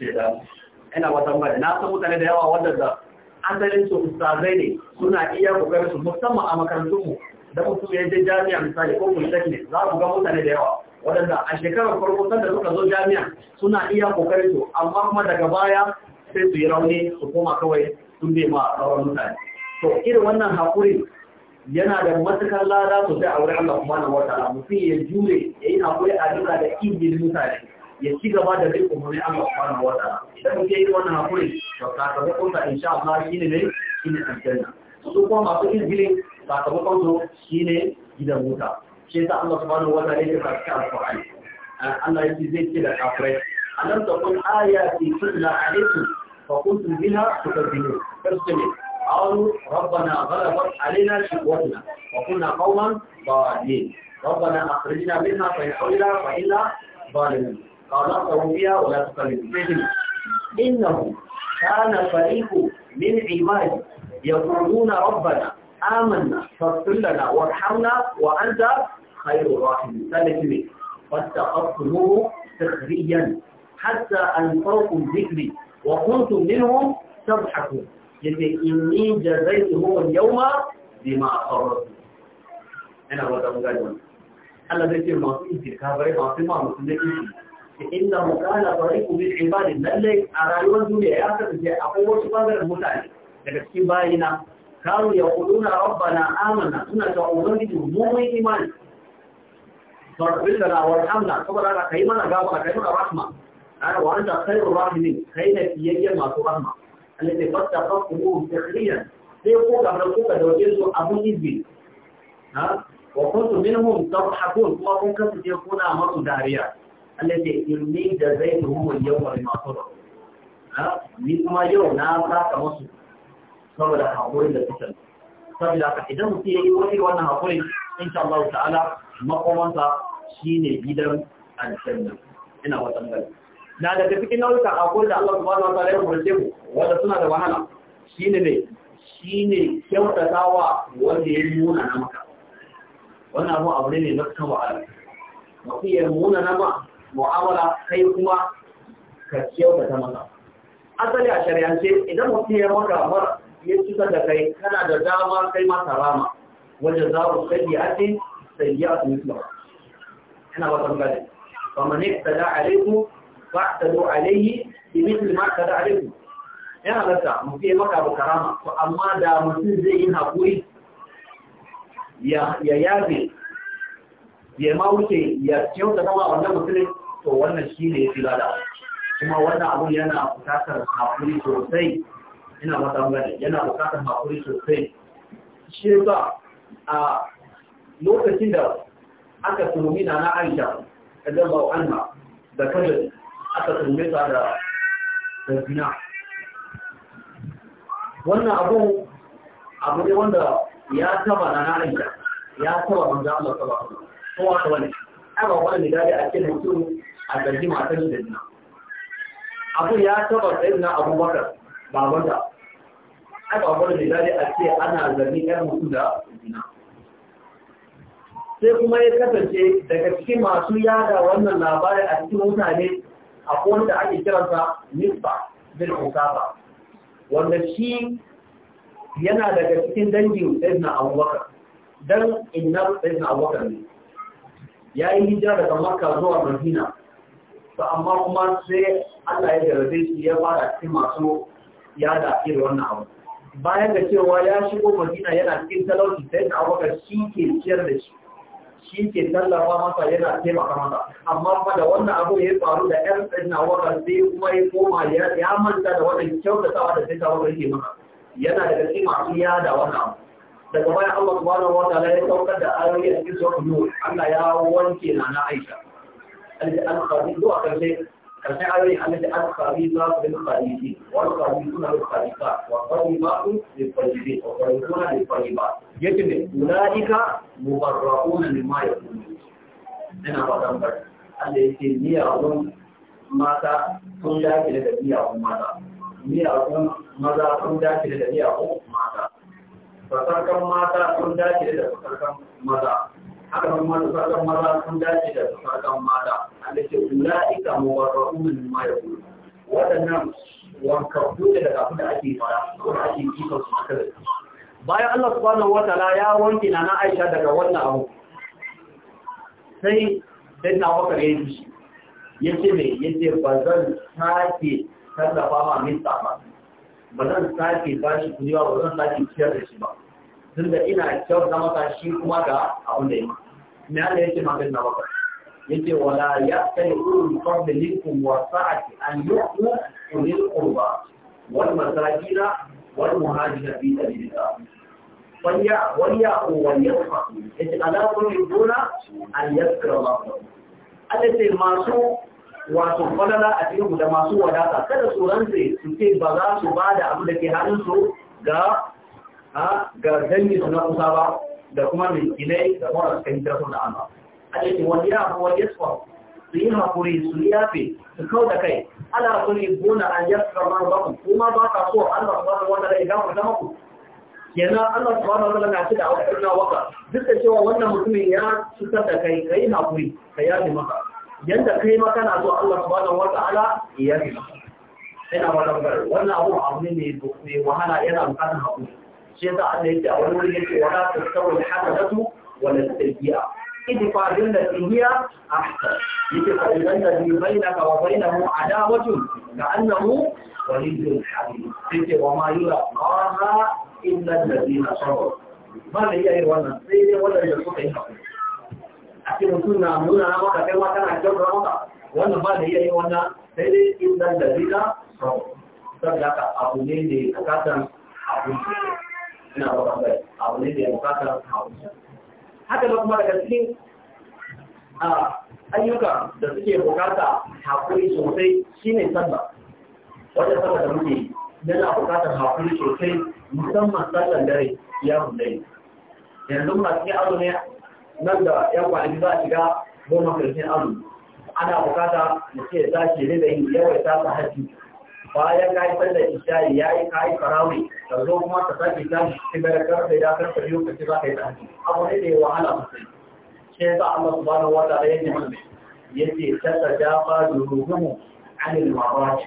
ce ina wata na san mutane da yawa wadanda asalin su ustazai ne suna iya kokarin su musamman a makarantun mu da mutum ya je jami'a misali ko polytechnic za ku ga mutane da yawa waɗanda a shekarar farko sanda suka zo jami'a suna iya kokarin su amma kuma daga baya sai su yi rauni su koma kawai sun bai ma sauran mutane to irin wannan hakuri yana da matukar lada sosai a wurin Allah subhanahu wataala mutum ya jure ya yi hakuri a duka da injin mutane ya ci gaba da bin umarni Allah subhanahu wata. ta'ala idan mun yi wannan hakuri sakamakon sa insha Allah shine ne shine aljanna su kuma masu izgili sakamakon su shine gidan wuta shi yasa Allah subhanahu wa ta'ala yake faɗa alqur'ani Allah yake zai ce da kafirai alam takun ayati tutla alaykum fa kuntum biha tukadzibun karsune قالوا ربنا غلبت علينا شقوتنا وكنا قوما ضالين ربنا أخرجنا منها فإن فإلا ظالمين خلقته فيها ولا تقلد فيهم إنه كان فريق من عبادي يقولون ربنا آمنا فاغفر لنا وارحمنا وأنت خير الراحمين ثالث فاتخذتموه سخريا حتى أنفركم ذكري وكنتم منهم تضحكون يقول إني جزيته اليوم بما أخرجوا أنا أقول لكم أنا ذكر ما في ذكر ما في ما مسلم إنه كان طريق بالعباد ذلك أرايوا الدنيا آخر في أقوى سبابر المتالي لكن سبابنا كانوا يقولون ربنا آمنا كنا تعودون بجمهور إيمان فاغفر لنا وارحمنا صبر على قيمنا قابع قيمنا رحمة أنا وأنت خير الراحمين خير في يجي ما ترحمة التي فتح قبوه سخريا في قوك أهل القوك دو جيسو أبو إذبي ها وكنت منهم تضحكون وكنت يكون أمر داريات التي إني جزيتهم اليوم بما صبروا ni kuma yau na saka musu saboda haƙurin da suka saboda ka, idan mutum ya yi wani wannan haƙurin, insha Allah ta'ala makomansa shine gidan aljanna ina watan gari na daga cikin nau'ikan haƙuri da Allah subhanahu wa ta'ala ya umarce mu wanda suna da wahala shine ne shine kyautatawa wanda ya nuna na maka wannan abu ne na kawo ala mutum ya nuna na ma mu'amala kai kuma ka ta masa asali a shari'ance idan mutum ya maka mara ya cika da kai kana da dama kai masa rama wajen za ku sai ya ce sai ya su mutu ina ba san gani fa mane ta da alaiku ba ta do alaihi bi mithli ma ta da alaiku ya halatta mutum ya maka abu karama to amma da mutum zai yi hakuri ya yabe ya ma wuce ya kyauta sama wannan mutumin to wannan shi ne ya fi kuma wannan abu yana bukatar hakuri sosai ina mata gane yana bukatar hakuri sosai shi ba a lokacin da aka turumi na na aisha zan ba anha da kada aka turume ta da da zina wannan abu abu ne wanda ya taba na na aisha ya taba manzo Allah sallallahu alaihi wasallam kowa da wani ana wani misali a cikin mutum a zargi matar da jina abu ya taba tsaye na abubakar babanta aka wani misali a ce ana zargi 'yan mutum da jina sai kuma ya kasance daga cikin masu yada wannan labarin a cikin mutane a kowanda ake kiransa nisba bin usaba wanda shi yana daga cikin dangin ɗan abubakar don inna ɗan abubakar ne ya yi hijira daga maka zuwa madina to amma kuma sai allah ya jarabe shi ya fara cikin masu yada irin wannan abu bayan da cewa ya shigo madina yana cikin talauci sai da abubakar shi ke ciyar da shi shi ke tallafa masa yana taimaka masa amma kuma da wannan abu ya faru da yan tsarin waka, sai kuma ya koma ya manta da wannan kyautatawa da sai da abubakar maka yana daga cikin masu yada wannan abu daga baya Allah subhanahu wa ta'ala ya saukar da ayoyi a cikin sura Nur Allah ya wanke na na Aisha alladhi al-khabi zuwa karshe karshe ayoyi alladhi al-khabi za su bin khariji wal khabi suna bil kharika wa qaribatu bil qaribin wa qaribuna bil qaribat yace ne ulaika mubarrauna mimma yaqulun ina ba dan bar Allah yake miyagun mata sun dace da miyagun mata miyagun maza sun dace da miyagun mata fasarkan mata sun dace da fasarkan maza haka nan mata fasarkan maza sun dace da fasarkan mata Allah ce ulaika mubarra'un mimma yaqulu wadannan wankabbu da daga abin da ake fara ko ake kika su haka bayan Allah subhanahu wataala ya wanke na Aisha daga wannan abu sai dan na waka ya ji yace me yace bazan sake tallafa ma min tsafa. ba zan sake ba shi kuɗi ba ba zan sake ciyar da shi ba tun da ina kyauta maka shi kuma ga abin da ya ma me Allah yake magana na baka yake wala ya kai urun fadlikum wa sa'ati an yu'u ulil qurba wal masakina wal muhajirin fi sabilillah wanya wanya wanya yake ala kun yuna an yakra Allah Allah sai masu wato falala a cikin da masu wadata kada su rantse su ce ba za su ba da abu da ke hannunsu ga ga dangi su na kusa ba da kuma mai miskinai da mara suka hitar sun da Allah a cikin wani ya abu wani yasfa su yi haƙuri su yafe su kau da kai ala kuri gona an yasfa ma ba ku kuma ba ka so Allah ba da wanda da idan ku maku kenan Allah subhanahu wa ta'ala na ci da wata waka duk da cewa wannan mutumin ya cutar da kai kai haƙuri ka yafe maka yanda kai ma kana so Allah subhanahu wata'ala ya yi ina maganar wannan abu abu ne mai wahala yana bukatar hakuri shi yasa Allah yake a wani wuri yake wala tasawul hasanatu wala sayyi'a idfa billati hiya ahsan yake fa idan da bi bainaka wa bainahu adawatun ka annahu waliyyun hamid yake wa ma yura qaha illa alladhina sabaru ba iya yin wannan sai dai da suka yi hakuri a mutum na nuna na maka kai wata na kyau maka wannan ba da iya yi wannan sai dai in nan da zina sau da haka abu ne da ya bukatar abu ina ba kan bai abu ne da ya bukatar abu haka da kuma daga cikin ayyuka da suke bukata hakuri sosai shine sallah wajen sallah da muke yana bukatar hakuri sosai musamman sallan dare ya dai yanzu muna cikin abu ne nan da yan kwanaki za a shiga goma karshen azumi ana bukata da ce za shi rika yin yawai ta ta haji bayan ka yi sallar isha'i ya yi kayi farawi ka zo kuma ka sake ta shiga da karfe da karfe biyu ka ci za ka yi ta haji abu ne da ya wahala sosai shi ya sa Allah subhanahu wa ta'ala ya ji mana ya ce tata jafa juruhumu anil mabati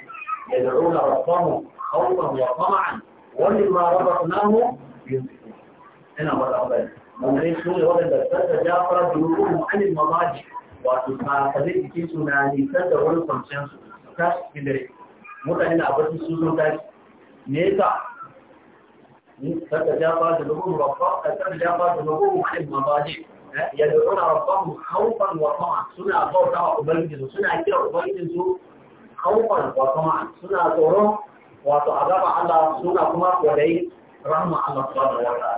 yad'una rabbahum khawfan wa tama'an wa mimma razaqnahum yunfiqun ina ba da manzanni su ne waɗanda sassa jafara da rukunin alin mamaji wato sakamakon jikin su na nisan da wurin kwanciyar su tashi cikin dare mutane na abin su sun tashi me yasa sassa jafara da rukunin rabba sassa jafara da rukunin alin mamaji يدعون ربهم خوفا وطمعا سنة طورة أبنجز سنة كير أبنجز خوفا وطمعا سنة طورة وتعذب على سنة كما ولي رحمة الله سبحانه وتعالى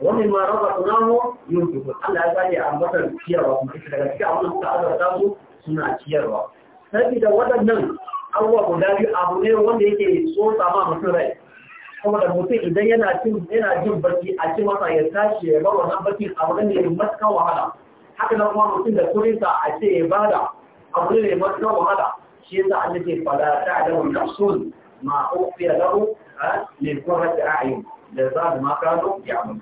wani ma raba tunamu yin fito Allah ya gane a matar ciyarwa kuma ita daga cikin abin suka azarta su suna ciyarwa sabida waɗannan abubuwa guda biyu abu ne wanda yake tsotsa ma mutum rai kuma da mutum idan yana cin yana jin barci a ci masa ya tashi ya bar wannan barci abu ne mai matuƙar wahala haka nan kuma mutum da kurinsa a ce ya bada abu ne mai matuƙar wahala shi yasa an yake fada ta da wannan sun ma ofiya lahu a kuma qurrati a'yun da za mu makano ya mutu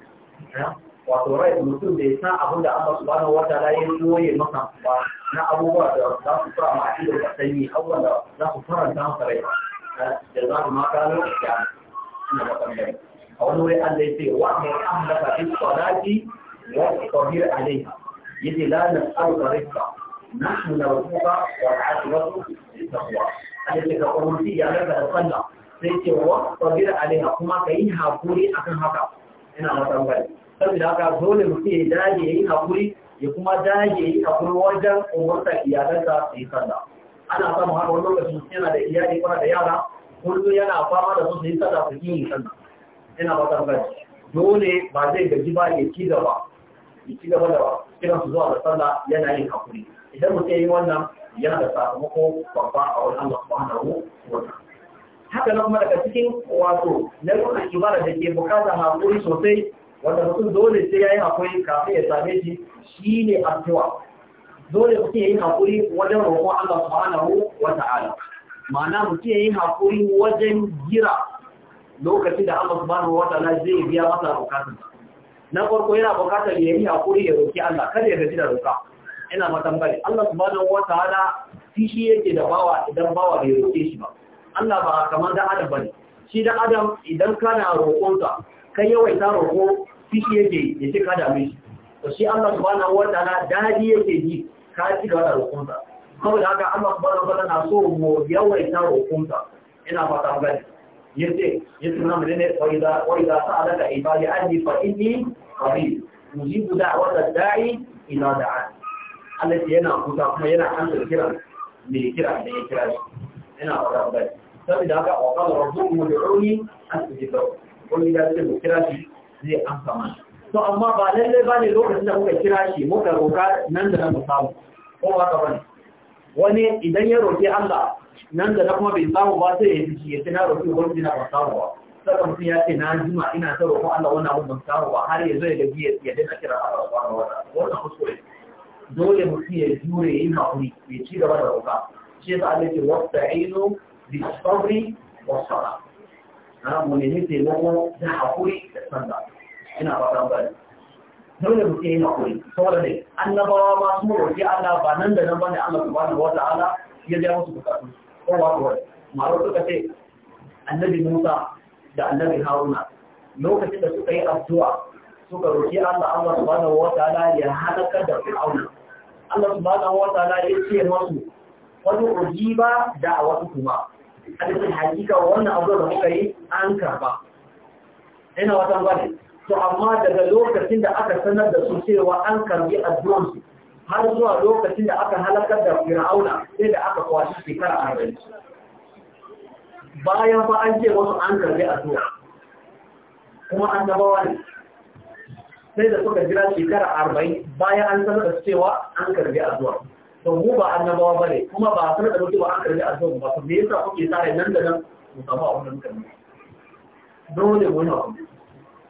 wato rai mutum bai san abin da Allah subhanahu wa ta'ala ya yi masa ba na abubuwa da za su fara ma ido da sanyi abubuwan da za su faranta masa rai da za su maka lokaci a ina da bangare a wani wuri Allah ya ce wa mai amlaka fi salati wa qahir alaiha yace la nas'aluka rizqa nahnu narzuka wa al'aqibatu littaqwa Allah ya ce ka umurti ya laka da sallah sai ce wa qahir alaiha kuma ka yi hakuri akan haka ina wata bai saboda haka dole mutum ya dage ya yi haƙuri, ya kuma dage ya yi haƙuri wajen umarta iyalansa su yi sallah ana samun har wani lokaci yana da iyali kuma da yara kullum yana fama da su su yi sallah su yi sallah ina wata bai dole ba zai gaji ba ya ci gaba ya ci gaba da kiran su zuwa da sallah yana yin haƙuri. idan mutum ya yi wannan yana da sakamako babba a wani Allah subhanahu wa ta'ala haka nan kuma daga cikin wato kuma ibada da ke bukatar haƙuri sosai wanda mutum dole sai ya yi haƙuri kafin ya same shi shi ne addu'a dole mutum ya yi haƙuri wajen roƙon Allah subhanahu wa ta'ala ma'ana mutum ya yi haƙuri wajen jira lokacin da Allah subhanahu wa ta'ala zai biya masa bukatar na farko yana bukatar ya yi haƙuri ya roƙi Allah kada ya gaji da roƙa ina matambari Allah subhanahu wa ta'ala shi yake da bawa idan bawa bai roƙe shi ba Allah ba kamar da adam bane shi da adam idan kana roƙonsa kai yawaita roƙo fishi yake ya ce ka dame shi to shi Allah subhanahu wataala dadi yake ji ka ci gaba da roƙonsa saboda haka Allah subhanahu wataala na so mu yawaita roƙonsa ina fata gani yace yace na mene ne wa idza wa idza sa'alaka ibadi anni fa inni qareeb mujibu da'wata da'i ila da'a Allah yana kusa kuma yana amsa kiran mai kira da ya kira shi ina fata gani saboda haka wa qala rabbukum ud'uni astajib lakum kun da sai mu kira shi zai amsa mana to amma ba lalle ba ne lokacin da muka kira shi muka roka nan da nan mu samu ko ba ka bane wani idan ya roki Allah nan da na kuma bai samu ba sai ya fice ya ce na roki ubangiji na ba samu ba saka mutum ya ce na jima ina ta roƙon Allah wannan abun ban samu ba har ya zo ya gaji ya daina kira Allah subhanahu wa ta'ala wannan kuskure dole mutum ya jure yin hakuri ya ci gaba da roƙa shi yasa Allah ke wasta'inu بالصبر والصلاة نعم ونهيتي لغو ده حقوري تسنده هنا ربنا بل نولي بكي هنا قولي إيه صورة لي أن نبرا ما سمره في ألا بانند نبرا نعم أن سبحانه وتعالى يدعو سبحانه هو هو ما رأيك كتي النبي موسى ده النبي هارونا لو كتبت سكي الدعاء سكر في ألا الله سبحانه وتعالى يهدك ده في العون الله سبحانه وتعالى يسير مصر ونعجيب دعوتكما alifin hakika wannan abu da suka yi an karba ina watan bane to amma daga lokacin da aka sanar da su cewa an karbi a addu'ansu har zuwa lokacin da aka halakar da fir'auna sai da aka kwashi shekara arba'in bayan fa an ce wasu an karbi a zuwa. kuma an taba wani. sai da suka jira shekara arba'in bayan an sanar da cewa an karbi a zuwa. to mu ba annabawa ba ne kuma ba sanar da mutu ba an karbi addu'a ba to me yasa kuke sa rai nan da nan mu samu abin da muka nuna dole mu nawa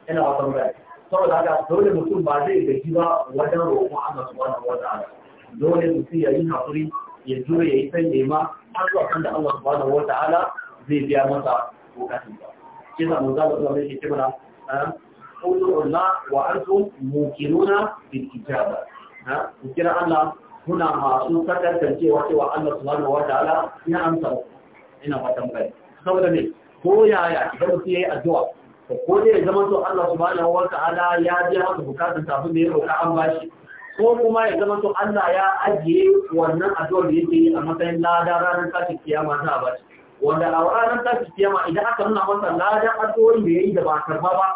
ina wa tambaya saboda haka dole mutum ba zai gaji ba wajen roƙon Allah subhanahu wa ta'ala dole mutum ya yi hakuri ya jure ya yi san nema har zuwa kan da Allah subhanahu wa ta'ala zai biya masa bukatun ba shi yasa mun zaba zuwa mai kimana قولوا الله وأنتم موقنون بالإجابة ها وكنا Allah. muna masu takardancewa cewa Allah subhanahu wa ta'ala ya amsa ina fatan bai saboda ne ko yaya idan mutum yayi addu'a to ko dai ya zama to Allah subhanahu wa ta'ala ya ji haka bukatun ta abin da ya roka an bashi ko kuma ya zama to Allah ya ajiye wannan addu'a da yake a matsayin lada ranar tashi kiyama ta bashi wanda a ranar tashi kiyama idan aka nuna masa ladan addu'o'in da yayi da ba karba ba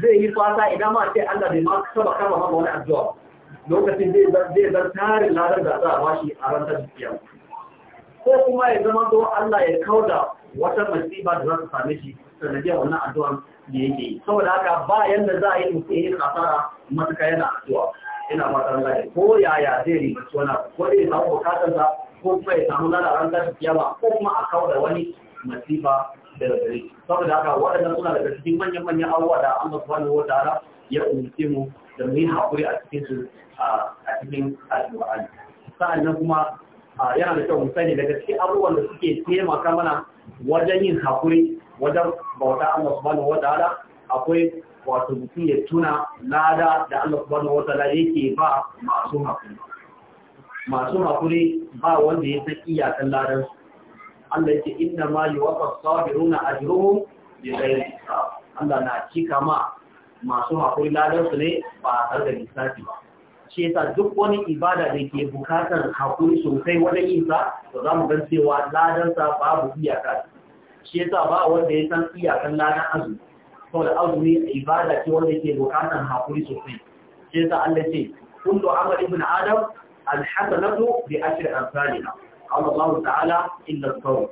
zai yi fata idan ma sai Allah bai ma saba karba ma wani addu'a lokacin zai zan tare ladar da za a bashi a rantar dukiya ko kuma ya zama to Allah ya kauda wata masiba da za ta same shi sanadiyar wannan addu'an da yake yi saboda haka ba yanda za a yi mutum yin kasara matuka yana addu'a ina fatan lafiya ko yaya zai riba wani ko zai samu bukatarsa ko kuma ya samu lada rantar jikiya ba ko kuma a kauda wani masifa da dare saboda haka waɗannan suna daga cikin manyan manyan abubuwa da Allah subhanahu wa ta'ala ya umarci mu da mu yi hakuri a cikin su a cikin Sa'an sa'annan kuma yana da kyau sani daga cikin abubuwan da suke taimaka mana wajen yin hakuri wajen bauta Allah subhanahu ta’ala akwai wato mutum ya tuna lada da Allah subhanahu ta’ala yake ba masu hakuri masu hakuri ba wanda ya san iyakan ladan Allah yake inna ma yuwaffa sabiruna ajruhum bi ghairi hisab Allah na cika ma masu hakuri ladan su ne ba tare da lissafi ba shi yasa duk wani ibada da ke bukatar hakuri sosai wajen yin sa to za mu gan cewa ladan sa babu iyaka shi yasa ba wanda ya san iyakan ladan azumi da azumi ibada ce wanda ke bukatar hakuri sosai shi yasa Allah ce kullu Ahmad ibn adam alhasanatu bi ashri amsalha Allah ta'ala illa as-sawm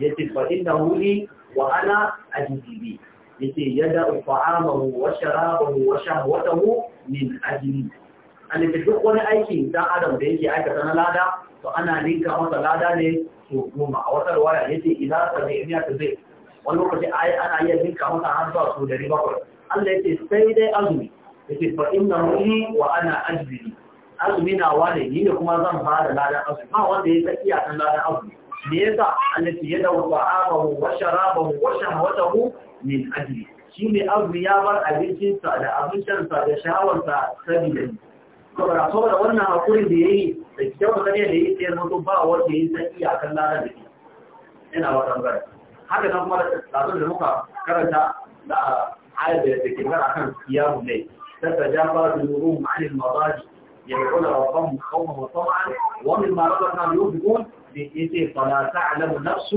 yace fa innahu li wa ana ajibi yace yada ta'amahu wa sharabahu wa shahwatahu min ajli a duk wani aiki dan adam da yake aikata na lada to ana ninka masa lada ne su goma a wata ruwaya ya ce idan ka zai iya ta zai wani lokaci ana iya ninka masa har zuwa su dari bakwai Allah ya ce sai dai azumi ya ce fa ina ruhi wa ana ajiri azumi na wane ni ne kuma zan ba da ladan azumi ma wanda ya ta iya dan ladan azumi me yasa Allah ya da wa ta'amahu wa sharabahu wa shahwatahu min ajli shi ne azumi ya bar abincinsa da abincinsa da shawarsa sabida saboda saboda wannan hakurin da yayi da kyau da ne da yayi sai mutu ba wanda yayi san iyakan lalar da shi ina wa tambar haka nan kuma da muka karanta da ayat da take kan akan kiyamu ne تتجافى جنوبهم عن المضاجع يدعون ربهم خوفا وطمعا ومما رزقناهم ya بإذن فلا تعلم نفس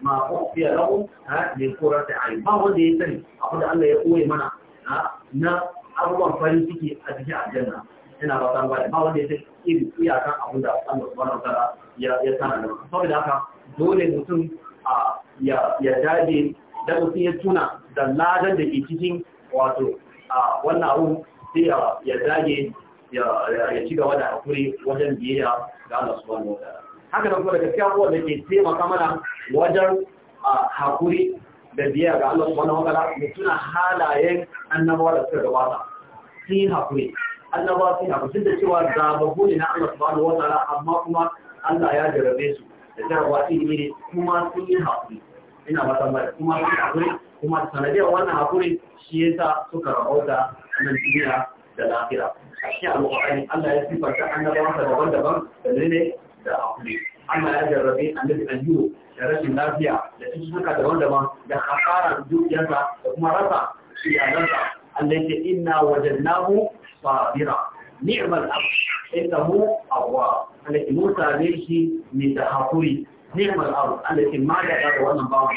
ما أخفي لهم من قرة أعين ما هو اللي يسني أقول الله يقول منا نا أبوان فريسكي أدهي الجنة ina ba san bane ba wanda ya san iri iyakan abin da Allah subhanahu wataala ya ya sana da saboda haka dole mutum a ya ya dade da mutum ya tuna da ladan da ke cikin wato a wannan abu sai ya ya dage ya ya ci gaba da hakuri wajen biyayya ga Allah subhanahu wataala haka nan kuma da gaskiya ko da ke taimaka mana wajen hakuri da biyayya ga Allah subhanahu wataala mutuna halayen annabawa da suka gabata sai hakuri annabawa suna ba da cewa zababu ne na Allah subhanahu wa ta'ala amma kuma Allah ya jarabe su da jarabawa iri ne kuma sun yi haƙuri ina ba kuma sun haƙuri kuma sanadiyar wannan haƙuri shi yasa suka rahota nan duniya da lafiya a cikin alƙur'ani Allah ya sifarta annabawa daban-daban da ne da haƙuri Allah ya jarrabe annabi Ayyub da rashin lafiya da cututtuka daban-daban da hasara dukiyarsa da kuma rasa iyalansa Allah ya ce inna wajadnahu صابرا نعم الأب إنه أواب التي موسى عليه من تحقري نعم الأرض التي ما يقدر وأنا بعض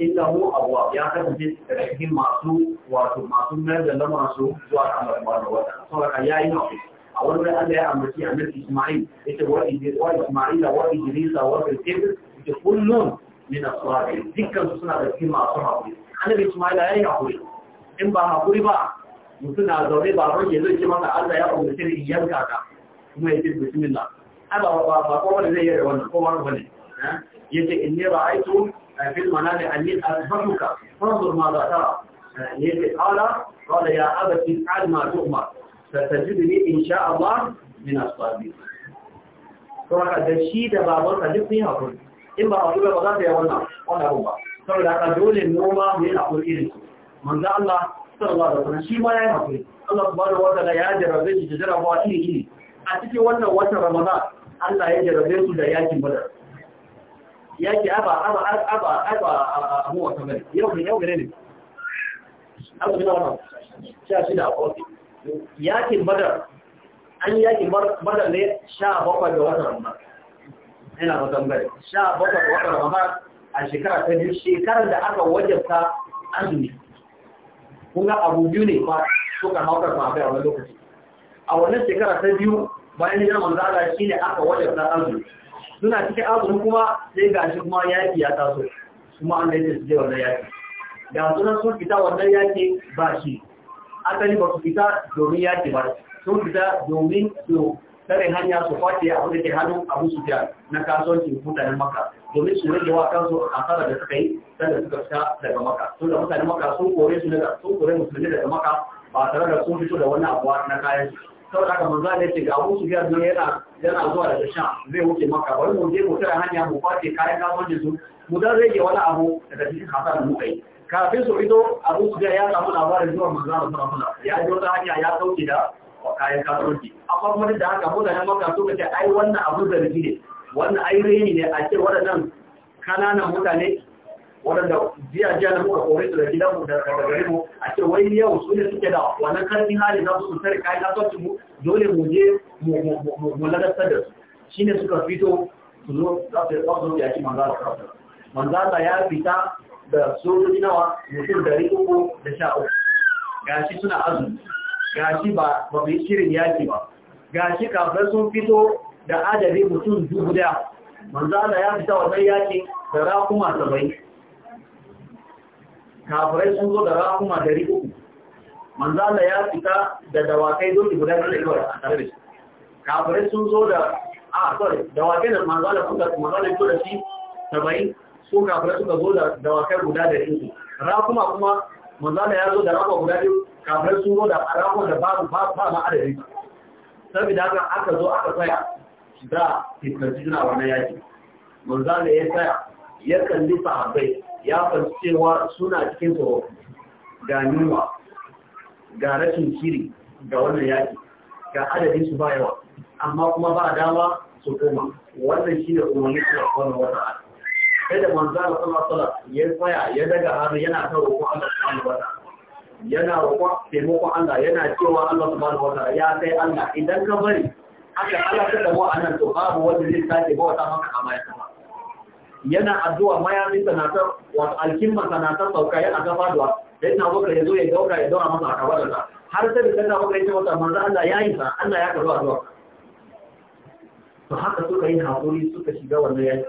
إنه أواب يا كنت تحكي معصوم وأنتم معصوم ما زال معصوم سواء أمر الله وتعالى صار يا إنوفي أول ما قال يا أمتي أمر إسماعيل إنت وإسماعيل وإدريس وإبراهيم كل من الصالحين ذكر سنة تحكي معصوم أنا بإسماعيل يا أخوي إن بها قريبا mutum na zaune baban ya zai ce da Allah ya umarci ni yanka ka kuma ya ce bismillah ai ba ba ba ko wanda zai yi wannan ko wani bane yace inni ra'aytu eh, fil manami anni azharuka fanzur ma za tara yace qala qala ya abati al ma tu'mar satajidni insha Allah min as-sabirin to haka da shi da baban sa duk ne hakuri in ba hakuri ba za ta yi wannan wannan ba saboda haka dole noma mu yi hakuri irin su manzo Allah sallallahu alaihi ya wa ya shi da a cikin wannan watan Allah ya jarrabe da yakin Badar yaki aba aba aba aba abu wa kamar yau ne yau gare ne a yakin Badar an yakin Badar ne sha bakwai ga watan Ramadan ina watan Badar sha bakwai ga watan Ramadan a shekara ta biyu shekarar da aka wajabta azumi Kunga abu biyu ne ba suka haukar mafi a wani lokaci a wannan shekara ta biyu bayan hijirar manzo Allah shine aka wajen na azumi suna cikin azumi kuma sai gashi kuma yaki ya taso kuma an da yake je wannan yaki da suna sun fita wannan yaki ba shi asali ba su fita domin yaki ba sun fita domin su tare hanya su kwace abu da ke hannu abu su na kasuwancin mutanen maka domin su rage wa kansu asara da suka yi sannan suka fita daga maka sun da mutanen maka sun kore su daga sun kore musulmi daga maka ba tare da sun fito da wani abuwa na kayan su saboda haka manzo ne ce ga abu su fiya ne yana yana zuwa daga sha zai wuce maka bari mu je mu tare hanya mu kwace kayan kasuwancin su mu dan rage wani abu daga cikin hasarar mu kai kafin su fito abu su fiya ya samu labarin zuwa manzo Allah ya ji wata hanya ya sauke da kayan kasuwanci akwai kuma da haka mutanen maka suka ce ai wannan abu zargi ne wannan ai reni ne a ce waɗannan kananan mutane waɗanda jiya jiya na muka kore su da gidan mu da gare mu a ce wai yau su ne suke da wannan karfin hali na su tare kayan kasuwanci mu dole mu je mu lagasar da su shine suka fito su zo za su zo yaki manzara kafin manzara ya fita da sojoji nawa mutum dari uku da sha uku gashi suna azumi gashi ba ba bai shirin yaki ba gashi kafin sun fito da adadi mutum dubu da manzo Allah ya fita wannan yaki da rakuma 70 kafirai sun zo da rakuma 300 manzo Allah ya fita da dawakai don guda da yawa tare da kafirai sun zo da a sorry dawakai da manzo Allah suka manzo Allah ya shi 70 su kafirai suka zo da dawakai guda da 300 rakuma kuma manzo Allah ya zo da rakuma guda 300 kamar sun da farako da babu ba ma adadin saboda haka aka zo aka tsaya za a fuskanci juna na yaki manzana ya tsaya ya kalli sahabbai ya fanci cewa suna cikin tsoro ga yunwa ga rashin shiri ga wannan yaki ga adadin su ba yawa amma kuma ba dama su koma wannan shi ne umarni su wani wata ala sai da manzana sama alaihi ya tsaya ya daga hannu yana ko an da subhanahu wata yana roƙon taimako Allah yana cewa Allah subhanahu wa ta'ala ya sai Allah idan ka bari haka Allah ta dawo nan to babu wanda zai sake wata maka a bayan sama yana addu'a mayamin sanata wato alkimma sanata sauka yana gafaduwa da ina baka ya zo ya dauka ya dauka maka a kabar da har sai da kana baka yace masa manzo Allah ya yi sa Allah ya karba addu'a to haka suka yi hakuri suka shiga wannan yayi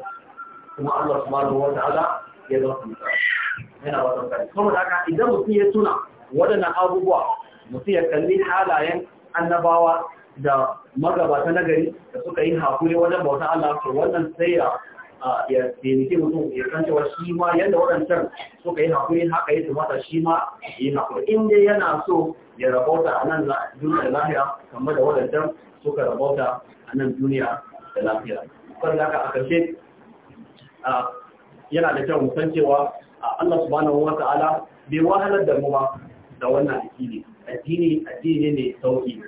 kuma Allah subhanahu wa ta'ala ya zo su yana wata kai saboda haka idan mutum ya tuna waɗannan abubuwa mutum ya kalli halayen annabawa da magabata nagari da suka yi hakuri wajen bauta Allah ko wannan sai ya ya taimake mutum ya san cewa shi ma yadda waɗancan suka yi hakuri haka yi tumata shi ma yi haƙuri in dai yana so ya rabauta a nan duniya da lafiya kamar da waɗancan suka rabauta a nan duniya da lafiya kwan da aka akarshe yana da kyau musan cewa Allah subhanahu wa ta'ala bai wahalar da mu ba da wannan addini addini addini ne sauki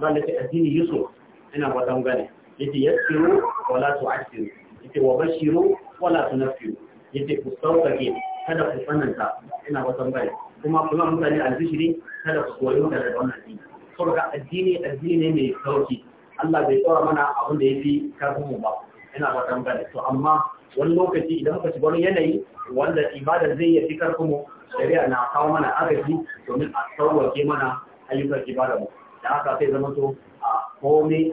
zan da addini yusuf ina wadan gane yace yasiru wala tu'assiru yace wa bashiru wala tunaffiru yace ku sauƙaƙe kada ku tsananta ina wadan gane kuma kuma mutane albishiri kada ku koyi mutane da wannan addini saboda addini addini ne mai sauki Allah bai tsora mana abin da yafi karfin mu ba ina wadan gane to amma wani lokaci idan muka ci wani yanayi wanda ibada zai iya fi karfin shari'a na kawo mana agaji domin a sauwake mana ayyukan ibada mu da haka sai zama to a komai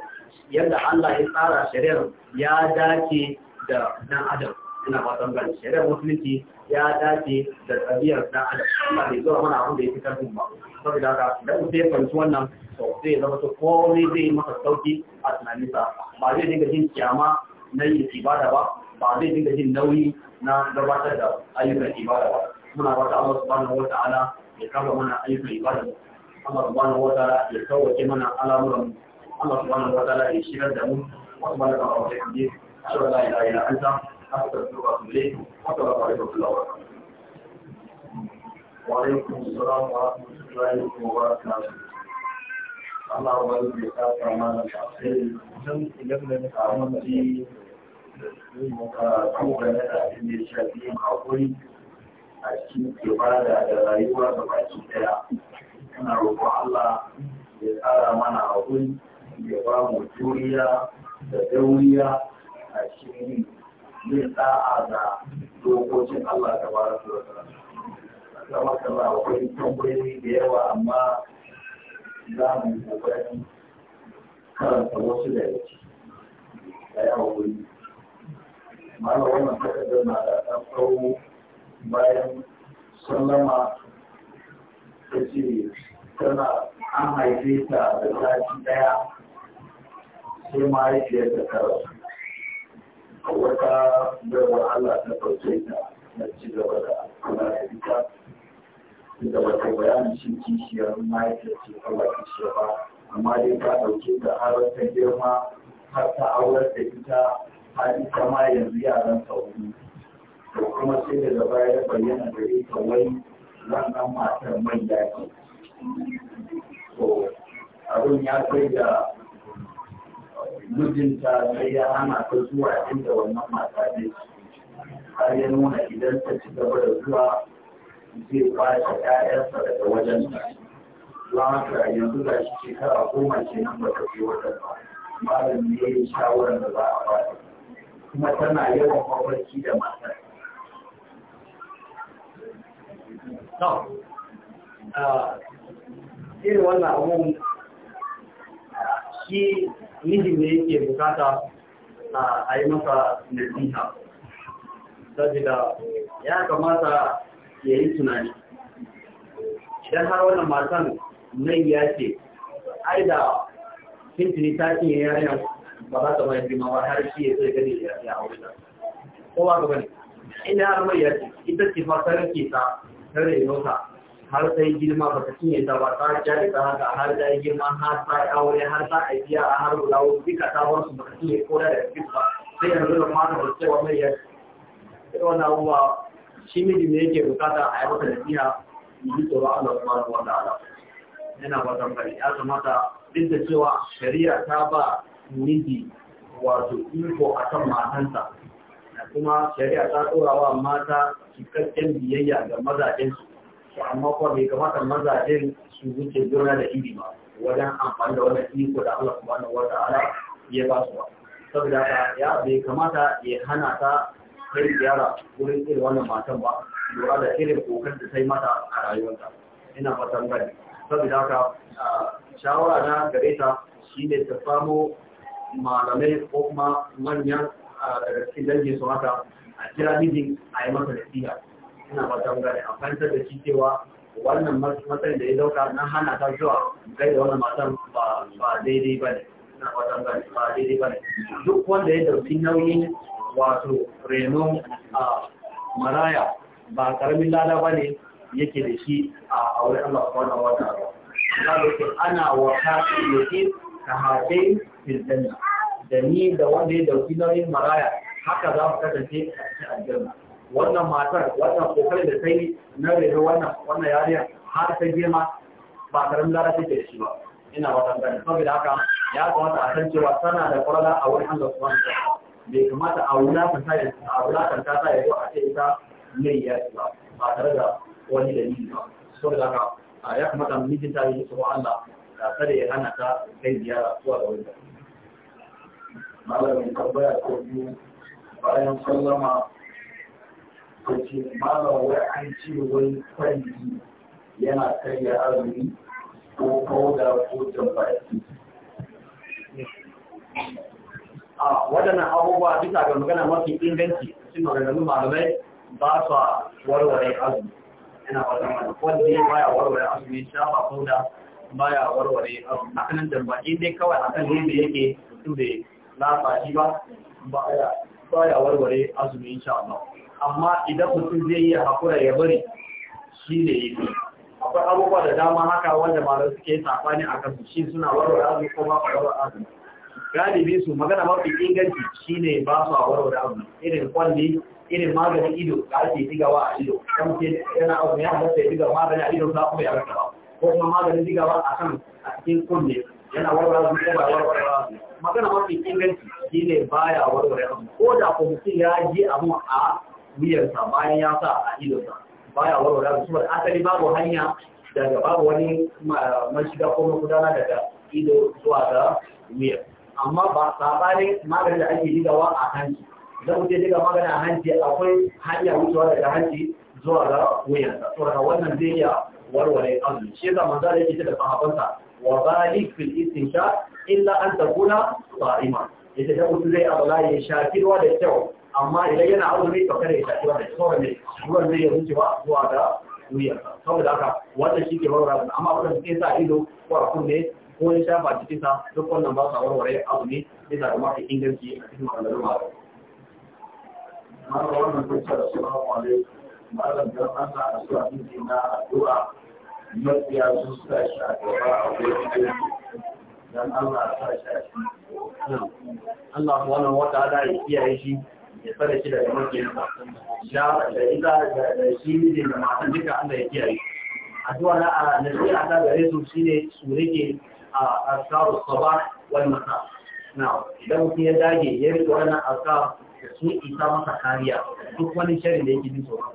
yadda Allah ya tsara shari'ar ya dace da dan adam ina san gani shari'ar musulunci ya dace da tsabiyar dan adam ba zai zo mana abin da ya fi karfin ba saboda haka da mutum ya fahimci wannan to zai zama to komai zai masa sauki a tunaninsa ba zai dinga jin kyama na yin ibada ba ba zai dinga jin nauyi na gabatar da ayyukan ibada ba muna fata Allah subhanahu wa ta'ala ya kafa mana ayyukan ibada Allah subhanahu wa ta'ala ya kawace mana al'amuran Allah subhanahu wa ta'ala ya shirar da mu wa subhanahu wa ta'ala ya hamdi ashhadu an la ilaha illa anta astaghfiruka wa atubu ilayk wa assalamu alaikum wa rahmatullahi wa barakatuh وعليكم السلام ورحمة الله وبركاته الله أكبر بكاتا ما نشعر kuma da abin da haƙuri da rayuwa da baki daya ina Allah ya tsara mana haƙuri ya ba mu da dauriya a yin da'a da dokokin Allah ta bara da akwai yawa amma za mu yi ƙoƙarin da mana wannan takardar na da ɗan tsawo bayan sallama ta ce tana an haife ta da sati ɗaya sai mahaifiyar ta kara wata dawa Allah ta ɗauke ta na ci gaba da kula da ita da wata bayanin shi kishiyar mahaifiyar ce Allah kishiyar ba amma dai ta ɗauke ta har ta girma har ta aurar da ita a ita yanzu yaran sauri da kuma sai daga baya bayyana da ita wai wannan matar mai daji to abin ya kai da mijinta sai ya hana ta zuwa inda wannan mata ne har ya nuna idan ta ci gaba da zuwa zai kwashe 'ya'yansa daga wajen ta don yanzu ga shi shekara goma kenan ba ta wajen ba malam ne ya yi shawarar da za a ba kuma tana yawan mawarki da matar. irin wannan abun shi nihin ne yake bukata a yi masa nasiha saboda ya kamata ya yi tunani idan har wannan matan nan ya ce ai da fintini ta yi yarinyar ba za ta mai girma ba har shi ya zai gani ya ya aure ta ko ba gaba ne ina har mai ya ce ita ce fa ta rike ta ta reno ta har sai girma ba ta cinye ta ba ta jari ta haka har ta yi girma har ta yi aure har ta yi a har lawo duka ta bar su ba ta cinye ko da da ba sai yanzu da mata ba cewa mai ya ce wannan abubuwa shi miji ne yake bukata a yi masa nasiha yi tsoro Allah subhanahu wa Allah, yana ba tambari ya kamata duk da cewa shari'a ta ba miji wato iko a kan matansa kuma shari'a ta tsora wa mata cikakken biyayya ga mazajensu su amma kuma bai kamata mazajen su wuce gona da iri ba wajen amfani da wannan iko da Allah na Wata ta'ala ya ba su ba saboda haka ya bai kamata ya hana ta kai ziyara wurin irin wannan matan ba lura da irin kokar da sai mata a rayuwarta ina fatan gani saboda haka shawara na gare ta shine ta samo malamai ko kuma manyan daga cikin dangin su haka a kira mijin a yi masa nasiha ina ba ta gane a fahimtar da shi cewa wannan matsayin da ya dauka na hana ta zuwa gai da wannan matan ba daidai ba ne ina ba ta gane ba daidai ba ne duk wanda ya dauki nauyin wato renon a maraya ba karamin lada ba ne yake da shi a wurin Allah subhanahu wa ta'ala ana wata ka ke ta haƙe firdanna da ni da wanda ya dauki nauyin maraya haka za mu kasance a cikin aljanna wannan matar wannan kokarin da ta yi na rero wannan wannan yariya har ta girma ba karamin lara take da shi ba ina wata gani saboda haka ya kamata a san cewa tana da kwarara a wurin Allah subhanahu wa ta'ala bai kamata a wulakanta ya a wulakanta ta ya zo a ce ita mai ya ba ba tare da wani dalili ba saboda haka ya kamata mijinta ya yi tsoron Allah kada ya hana ta kai ziyara zuwa da wani malamin tambaya ko biyu bayan sallama ta ce malam wai an ce wani kwanji yana karya azumi ko kauda ko jambaki a waɗannan abubuwa bisa ga magana mafi inganci sun maganganun malamai ba su warware azumi yana wajen wani wanda ya baya warware azumi shafa kauda baya warware azumi hakanan jambaki dai kawai akan yadda yake su da na tsaki ba ba ya warware azumi insha Allah amma idan mutum zai yi hakura ya bari shi ne yake akwai abubuwa da dama haka wanda malar suke safani a kansu shi suna warware azumi ko ba su warware azumi galibi su magana mafi inganci shine ba su a warware azumi irin kwalli irin maganin ido da ake digawa a ido kan ke yana abu ya halatta ya diga maganin a ido za kuma ya rasa ba ko kuma maganin digawa a kan a cikin kunne yana warware su ko ba warware su magana mafi inganci shine baya warware su ko da ko mutum ya ji abu a wuyarsa bayan ya sa a idonsa baya warware su saboda asali babu hanya daga babu wani mashiga ko makudana daga ido zuwa ga wuyar amma ba sabanin maganin da ake digawa a hanci idan mutum diga magana a hanci akwai hanya wucewa daga hanci zuwa ga wuyarsa saboda wannan zai iya warware azumi shi yasa manzo da yake da sahabbansa wa balik fil istinsha illa an takuna sa'ima yace da mutum zai abala ya shafi ruwa da kyau amma idan yana azumi to kada ya shafi ruwa da kyau ne ruwan zai ya wuce ba zuwa ga wuya saboda haka wannan shi ke warware amma wannan sai sa ido ko a kunne ko ya shafa cikin sa duk wannan ba sa warware azumi bisa ga mafi inganci a cikin maganganun malamai. Mara wannan da salamu alaikum. Malam dan a sura na addu'a mafiya sun sa shi a gaba a wajen Dan Allah sa shi a cikin Allah wannan wata ala ya kiyaye shi ya fara shi daga mafiyarsa da da ita da shi mijin da matan duka Allah ya kiyaye addu'a na a nasiha ta gare su shine su rike a askaru Saba wal masa na idan mutum ya dage ya rike wannan askar su isa masa kariya duk wani shirin da yake bin tsoron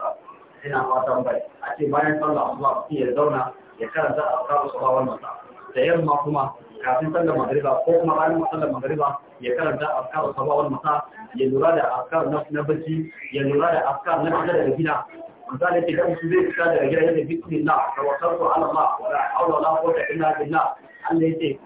ina ma tambayi a ce bayan sallah zuwa mutum ya zauna ya karanta azkaru su bawan nasa da yamma kuma kafin sallar magariba ko kuma bayan sallar magariba ya karanta azkaru su bawan nasa ya lura da azkar na bacci ya lura da azkar na fita da gida misali ce kan su zai fita daga gida yadda bismillah da wasarku ala Allah wa la hawla wala quwwata illa billah Allah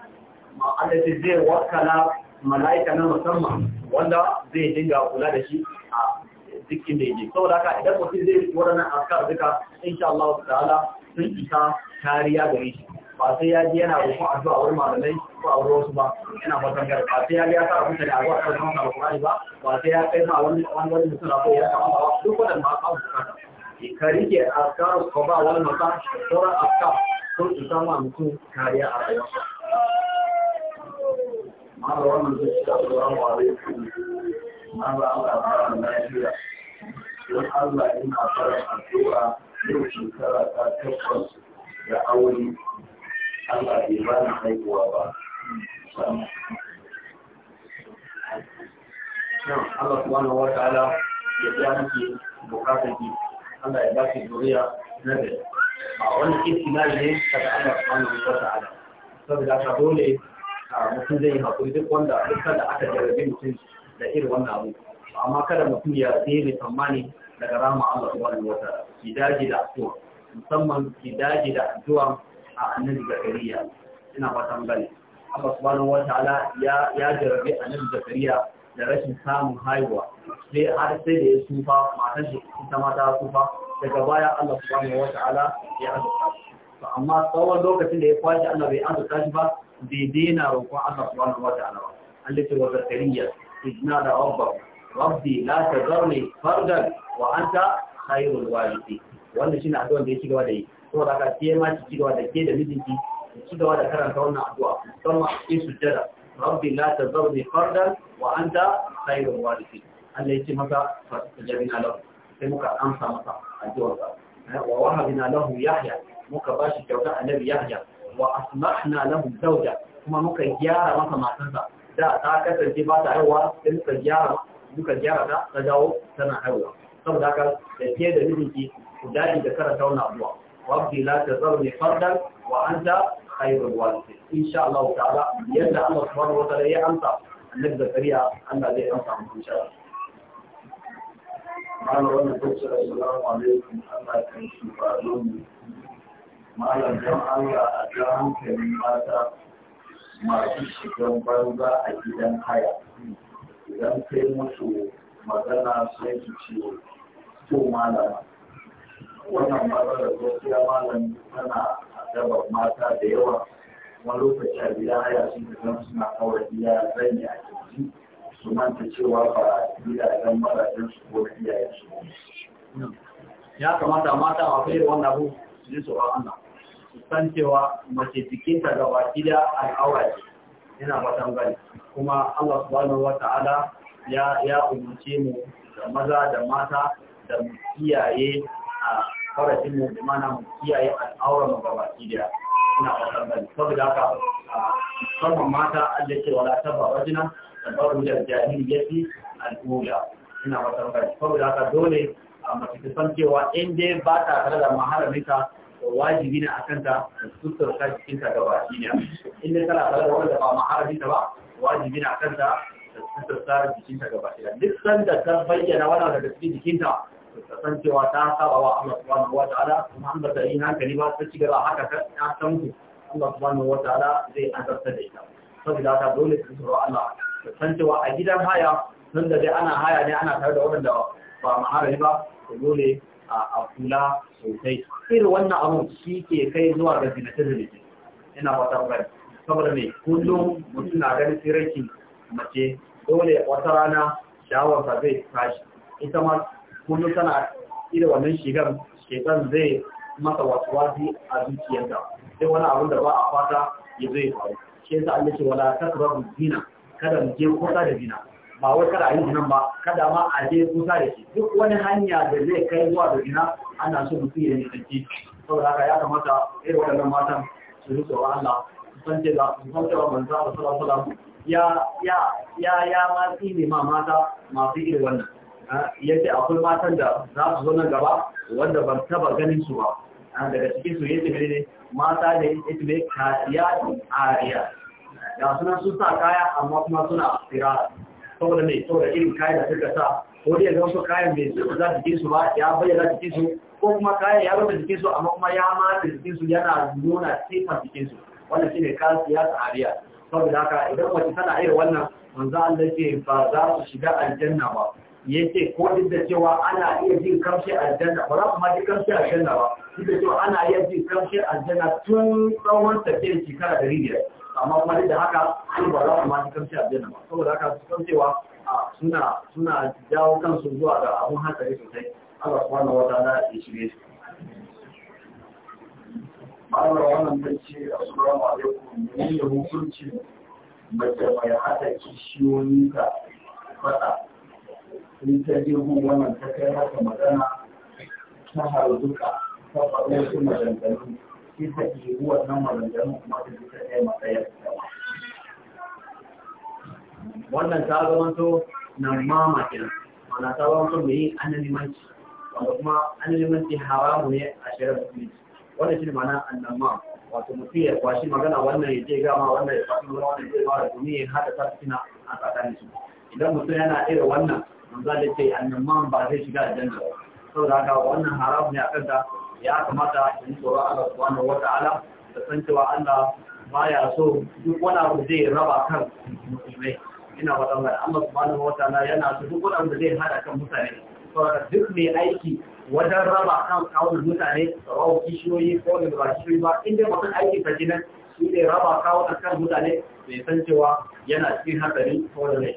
ma Allah yace zai wakala mala'ika na musamman wanda zai dinga kula da shi a duk da yake saboda haka idan mutum zai yi waɗannan askar duka insha Allah ta'ala sun isa kariya gare shi ba sai ya ji yana roƙon addu'a wurin malamai ko a wurin wasu ba yana fatan ba sai ya ga ya sa abin da addu'a ta Al-Qur'ani ba ba sai ya kai ma wani wani wani mutum ko ya kama ba duk waɗannan ma abu ka ka rike askar ko ba wani mutum sauran askar sun isa ma mutum kariya a rayuwa. Ma'ana wannan zai ci da sauran wa zai ci. Ma'ana Allah ya don Allah yin fara addu'a yau shekara ta takwas da aure Allah bai ba ni haihuwa ba. Allah subhanahu wa ta'ala ya biya miki bukatar ki Allah ya baki zuriya na da a wani istinari ne daga Allah subhanahu wa ta'ala saboda ka dole mutum zai yi hakuri duk wanda duk da aka jarabe mutum da irin wannan abu amma kada mutum ya sai mai tsammani daga rama Allah subhanahu wa ta'ala ki daji da addu'a musamman ki daji da addu'a a annabi zakariya ina fatan gani Allah subhanahu wa ta'ala ya ya jarabe annabi zakariya da rashin samun haihuwa sai har sai da ya tsufa matan shi ita ma ta tsufa daga baya Allah subhanahu wa ta'ala ya azurta to amma tsawon lokacin da ya kwashi Allah bai azurta shi ba bai daina roƙon Allah subhanahu wa ta'ala ba Allah ce wa zakariya idna da rabbahu rabbi la tazarni fardan wa anta khairul warisi wannan shine addu'ar da ya gaba da yi kuma da ka ce ma ci gaba da ke da mijinki ki gaba da karanta wannan addu'a musamman a cikin sujjada rabbi la tazarni fardan wa anta khairul warisi Allah ya ce masa fastajabina lahu sai muka amsa masa addu'ar sa wa wahabina lahu yahya muka bashi kyauta annabi yahya wa asmahna lahu zawja kuma muka gyara masa matansa da ta kasance ba ta yawa sai muka gyara masa. kuka gyara ta ta dawo tana haihuwa saboda haka da ke da mijinki ku dadi da karanta wannan abuwa ta la ne, fardan wa anta khairul warisin insha Allah ala yadda Allah subhanahu wata ta'ala ya amsa annabi zakariya Allah zai amsa mu insha Allah malam wannan kusa assalamu alaikum Allah kan shi ba don malam dan Allah a ga hankalin mata masu shigan banza a gidan haya idan kai musu magana sai su ce to malama wannan matsalar gaskiya malam tana adabar mata da yawa wani lokaci a gida haya sun ka gan suna kawai biya yi a kirji su manta cewa ba gidajen mazajen su ko ya su ya kamata mata a kai wannan abu su ji tsoron Allah su san cewa mace jikinta gaba gida al'aura ce ina fatan gani kuma Allah subhanahu wata'ala ya ya umurce mu da maza da mata da mu kiyaye a farajin mu da mana mu kiyaye al'auran mu gabaki da ina fatan gani saboda haka kuma mata Allah ce wala tabba wajina da baru da fi al'ula ina fatan gani saboda haka dole a mafi san cewa in dai ba ta tare da maharaminta wajibi ne a kanta sutur ka cikin ta gaba shi ne in dai kana tare da wanda ba maharabi ta ba wajibi ne a kanta sutur ka cikin ta gaba shi ne duk sanda ta bayyana wani da gaske jikinta ta san cewa ta saba wa Allah subhanahu wa ta'ala kuma an ba ta yi hankali ba ta cigaba haka ta ta san ku Allah subhanahu wa ta'ala zai azabta da ita saboda ta dole ta tsoro Allah ta san cewa a gidan haya nan da dai ana haya ne ana tare da wanda ba maharabi ba dole a kula sosai irin wannan abun shi ke kai zuwa ga zinace-zinace ina wata bai saboda mai kullum mutum na ganin tsirrakin mace dole wata rana shawarsa zai tashi ita ma kullum tana ida wannan shigar shekar zai masa wasu wasi a zuciyarta sai wani abun da ba a fata ya zai faru shi yasa an ce wala takrabu zina kada mu je kusa da zina ba wai kada a yi ba kada ma a je kusa da shi duk wani hanya da zai kai zuwa da gina, ana so mutum ya nisanci saboda haka ya kamata irin waɗannan matan su ji tsoron Allah su san cewa su san cewa manzo sallallahu alaihi wasallam ya ya ya ya ma ne ma mata masu irin wannan ya ce akwai matan da za su zo nan gaba wanda ban taba ganin su ba daga cikin su yace ne mata da yace ne a ariya ga sunan sun sa kaya amma kuma suna firara saboda mai saboda irin kayan da suka sa ko dai ga wasu kayan bai zuba za jikin su ba ya bayyana jikin su ko kuma kayan ya rufe jikin su amma kuma ya mata jikin su yana nuna sifan jikin su wannan shine kayan siyasa ariya saboda haka idan mace tana irin wannan manzo Allah ce ba za su shiga aljanna ba yace ko duk da cewa ana iya jin kamshi aljanna ba za ku ma ji kamshi aljanna ba duk da cewa ana iya jin kamshi aljanna tun tsawon tafiyar shekara ɗari biyar. amma kuma da haka su ba za su ma ji kamshi aljanna ba saboda haka su kamcewa suna suna jawo kansu zuwa ga abun hankali sosai Allah subhanahu wa ta'ala ya shirye su ma'amar wannan ta ce a tsoron alaikun ne da hukunci mace mai haɗa kishiyoyi ka faɗa in ta je hun wannan ta kai haka magana ta duka, ta faɗo su maganganu kisa ɗibu wannan maganganun kuma ta bisa ɗaya matsayar wannan ta zama to nan mama kenan mana ta zama to mai anilimanci wanda kuma anilimanci haramu ne a shirar musulunci wannan shi ne mana annama wato mutum ya kwashi magana wannan ya je gama wannan ya faɗi wani wannan ya je gama domin ya haɗa tafsina a tsakanin su idan mutum yana irin wannan manzo da ce annama ba zai shiga aljanna ba saboda haka wannan haramu ne a kanta ya kamata in tsoro Allah subhanahu ta'ala, da san cewa Allah baya so duk wani abu zai raba kan musulmai ina faɗan mai Allah subhanahu wata'ala yana so duk wani abu zai hada kan mutane saboda duk mai aiki wajen raba kan kawunan mutane rawa kishiyoyi ko da ba kishiyoyi ba inda mutum aiki ta jinan shi ne raba kawunan kan mutane mai san cewa yana cikin hatsari ko da mai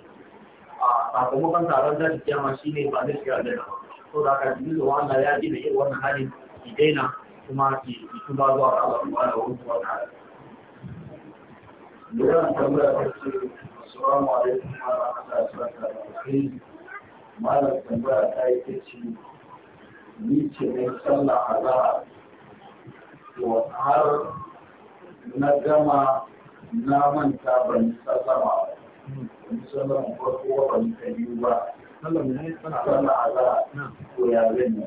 a sakamakon taron zafi kiyama shi ne ba zai shiga da ba so da ka ji zuwa Allah ya gina irin wannan hali. Ki daina kuma su ba zuwa ga Allah subhanahu wa ta'ala Yawan tambaya ta ce, Assalamu alaikum wa rahmatullahi wa barakatuh. Malam tambaya ta yi ta ce, Ni ce ne sallah allah. To har na gama na manta ban sallama ba. Musamman farko ban ta yi ba. Sallah ne sallah allah To ya zan yi.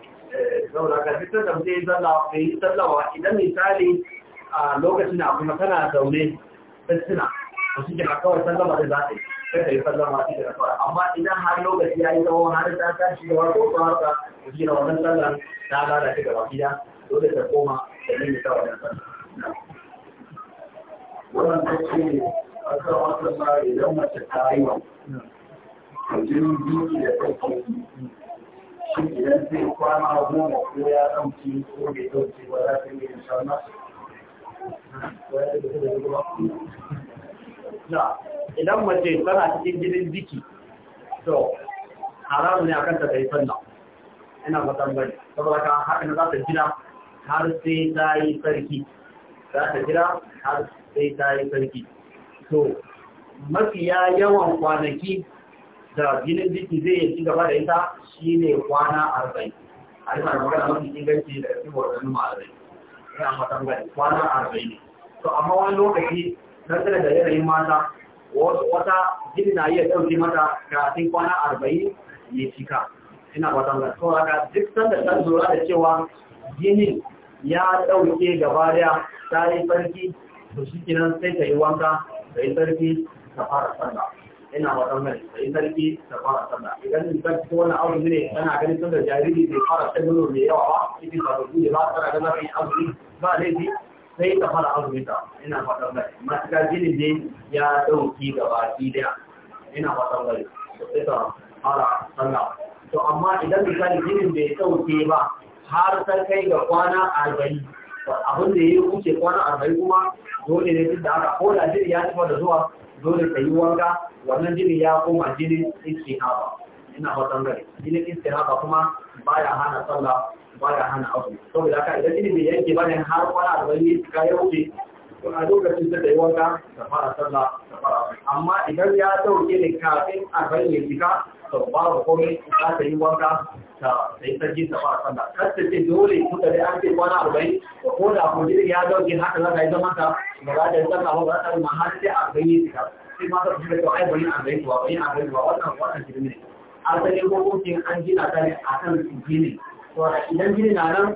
zaura ka fitar da mutum ya yi tsallawa idan misali a lokacin da kuma tana zaune tattuna wasu jika kawai sallama da zaɓe sai ta yi sallama shi da kawai amma idan har lokaci ya yi zama, wani har ta tashi da wato ko haka wasu jira wannan sallar ta lalace gaba gida dole ta koma da yin ta wannan sallar. Wannan ta ce a kan wata idan mace ta yi wa. Jinin biyu da ɗauki shi idan sai kwana goma ko ya ɗauki ko bai ɗauki ba za ta yi in sha nasu. Idan mace tana cikin jinin jiki, to, haram ne akan ta kai sannan. Ina matan bari, saboda ka haka na za ta jira har sai ta yi sarki. Za ta jira har sai ta yi sarki. To, mafiya yawan kwanaki da jinin jiki zai yi ci gaba da ita shi ne kwana arba'in a yi magana mafi inganci da cikin wadannan ma'azai ina matan gani kwana arba'in ne to amma wani lokaci dangane da yanayin mata wata jini na iya ɗauki mata kafin kwana arba'in ya cika ina matan gani to haka duk sanda ta lura da cewa jini ya ɗauke gaba daya ta yi sarki to shi kinan sai ta yi wanka da yi sarki ta fara sallah ina waɗannan sai sarki da fara sallah idan mutum cikin wannan aure ne kana ganin tun da jariri bai fara shagulu mai yawa ba cikin sababbi da ba kana ganin yin azumi ba laifi sai ta fara azumi ta ina waɗannan matuƙa jinin ne ya ɗauki gaba ki daya ina waɗannan sai ta fara sallah to amma idan misali jinin bai ɗauke ba har ta kai ga kwana arba'in abin da ya wuce kwana arba'in kuma dole ne duk da haka ko da jini ya tafi da zuwa dole ta yi wanka wannan jini ya koma jinin istihaba ina watan gari jinin istihaba kuma baya hana sallah baya hana abu saboda haka idan jini bai yanke bane har kwana arba'in ka ya wuce to a lokacin da yi wanka ka fara sallah ka fara amma idan ya dauke ne kafin arba'in ya fita to babu komai za ta yi wanka ta yi sarki ta fara sallah kar ta ce dole kuka dai an ce kwana arba'in ko da ko jini ya dauke haka za ta yi zaman ta ba za ta yi sallah ba za ta yi ma a sai arba'in ya fita sai mata su da a gaisu a hukuncin an gina ta a kan to gini na nan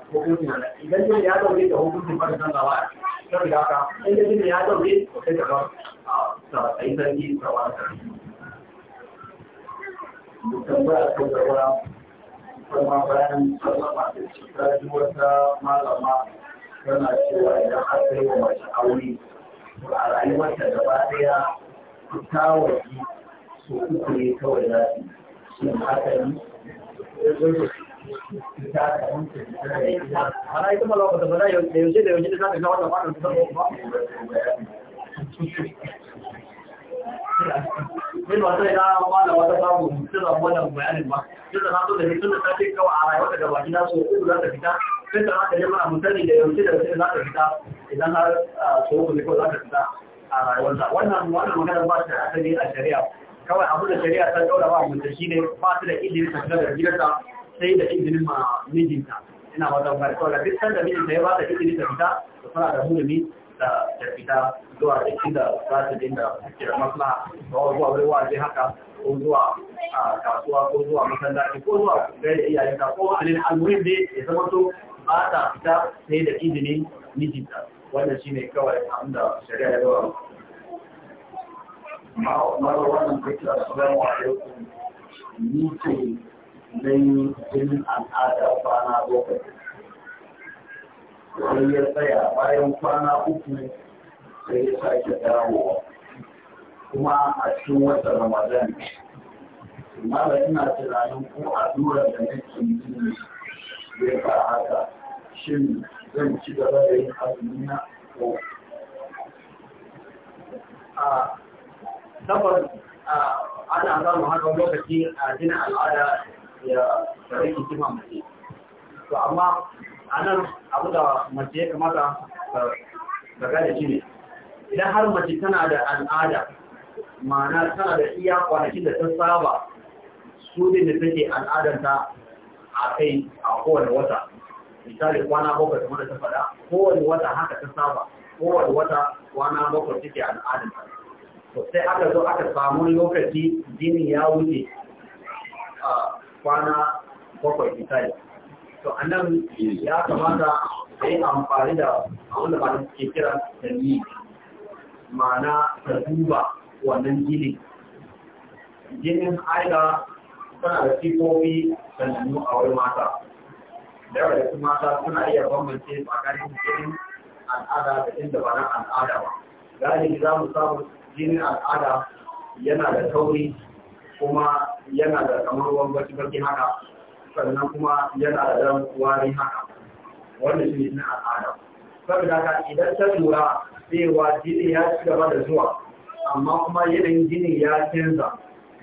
idan ya da hukuncin ya a ba a kuma bayan wata malama tana cewa idan aka yi wa aure to a rayuwarta gaba daya tawaki su uku ne kawai za su shi haka ne Ana ita malawa ba ta bada yaushe da yaushe da za ta ga wata fadar da ba. da wata ina mala wata samu mutum da wannan bayanin ba. Yadda na so da mutum da ta ce a rayuwa daga da na so uku za ta fita. Sai za ta je mana mutane da yaushe da yaushe za ta fita idan har ah, so uku ne kawai za ta fita. a rayuwarsa wannan wannan magana ba ta asali a shari'a kawai abu da shari'a ta daura ba mutum ne ba ta da izinin ta shiga da gidansa sai da izinin ma mijinta ina ba zan bari da duk sanda mijinta ya ba ta izini ta fita to tana da hulumi da ta fita zuwa da inda za ta dinga kira maslaha ko zuwa wani waje haka ko zuwa kasuwa ko zuwa masallaci ko zuwa gari iyayenta ko wani almuhim ne ya zama to ba ta fita sai da izinin mijinta wannan shine kawai da shari'a ya zuwa ma'amara wannan kake a alaikum ni ce na yi jinin al'ada kwana lokaci Wani ya tsaya bayan kwana uku sai ya sake dawowa kuma a cikin wata ramadan mala ina tunanin ko a lura da nake yi ya fara haka shin zan ci gaba da yin azumi na ko a tabbas ana samun haka lokaci a gina al'ada ya rage kima mace to amma a nan abu da mace ya kamata ka gane shi ne idan har mace tana da al'ada ma'ana tana da iya kwanakin da ta saba su ne da take al'adanta a kai a kowane wata misali kwana bakwai kamar da ta faɗa kowane wata haka ta saba kowane wata kwana bakwai take al'adar to sai aka zo aka samu lokaci jini ya wuce a kwana bakwai misali to annan ya kamata da yi amfani da abin da malam ke kira da yi ma'ana ta duba wannan jini jinin aida tana da sifofi sanannu a wani mata da yawa da kuma mata suna iya bambance tsakanin jinin al'ada da inda ba na al'ada ba galibi za mu samu jinin al'ada yana da tauri kuma yana da kamar ruwan baki baki haka sannan kuma yana da dan wari haka wanda shi ne al'ada saboda haka idan ta lura cewa jini ya ci gaba da zuwa amma kuma yanayin jini ya canza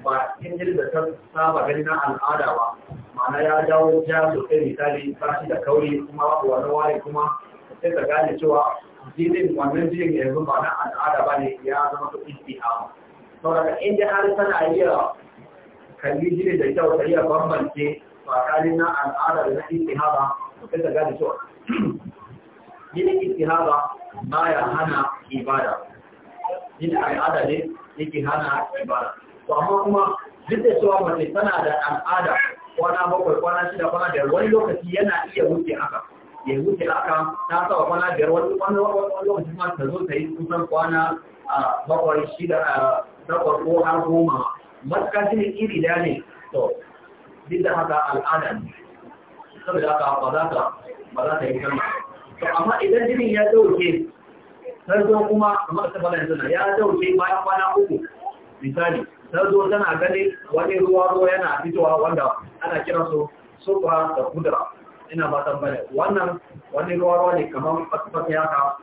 ba cikin jini da ta saba gani na al'ada ba ma'ana ya dawo ja sosai misali ba shi da kauri kuma wani ware kuma sai ta gane cewa jirgin wannan jinin yanzu ba na al'ada ba ne ya zama su sau daga inda har tana iya kalli jirgin da kyau ta iya bambance tsakanin na al'ada da na istihama sai ta gane cewa jinin istihama ba ya hana ibada jirgin al'ada ne yake hana ibada to amma kuma duk da cewa mace tana da al'ada kwana bakwai kwana shida kwana biyar wani lokaci yana iya wuce haka ya wuce haka ta saba kwana biyar wani lokaci ma ta zo ta yi kusan kwana bakwai shida takwas ko har goma matuƙa shi ne iri da ne to duk da haka al'ada ne saboda haka ba za ta ba za ta yi kama to amma idan jinin ya dauke sai kuma kamar ta fara yanzu ya dauke bayan kwana uku misali ta tana gani wani ruwa ruwa yana fitowa wanda ana kiran su sufa da kudura ina ba ta bane wannan wani ruwa ruwa ne kamar fasfasa yaka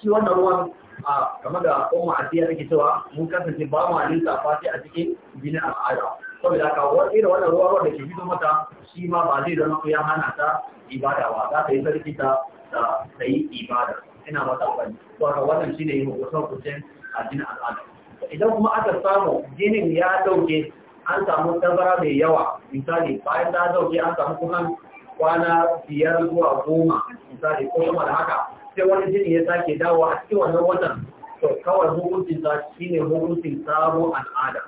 shi wannan ruwan a kamar da kuma asiya take cewa mun kasance ba mu sa fati a cikin bini al'ada saboda ka wani irin wannan ruwa ruwa da ke fito mata shi ma ba zai zama ya hana ta ibada ba za ta yi sarki ta ta yi ibada ina ba ta bane to wannan shine yin wasan kucin a jinin al'ada idan kuma aka samu jinin ya dauke an samu tabara mai yawa misali bayan ta dauke an samu kusan kwana biyar zuwa goma misali ko kuma da haka sai wani jini ya sake dawo a cikin wannan watan to kawai hukuncin sa shine hukuncin sabon al'ada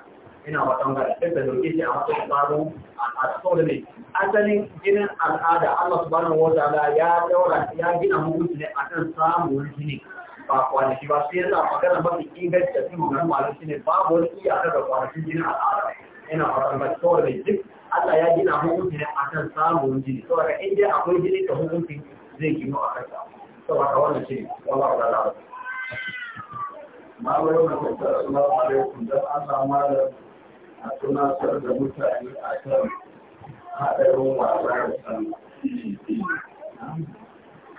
ina wa tangara sai da dauke shi a matsayin sabon al'ada saboda ne asalin jinin al'ada Allah subhanahu wa ta'ala ya daura ya gina hukunci ne akan samun jini ba kwanaki ba sai yana magana mafi inganci a cikin wannan malam shine babu wani iyaka da kwanakin jinin al'ada ina fara mai saboda mai duk Allah ya gina hukunci ne a kan samun jini saboda in dai akwai jini da hukunci zai gino a to ba ka wannan shi ne wallahu ta'ala malamin da ta salamu alaikum dan Allah malam a tunatar da mutane a kan haɗarin wasa da sallah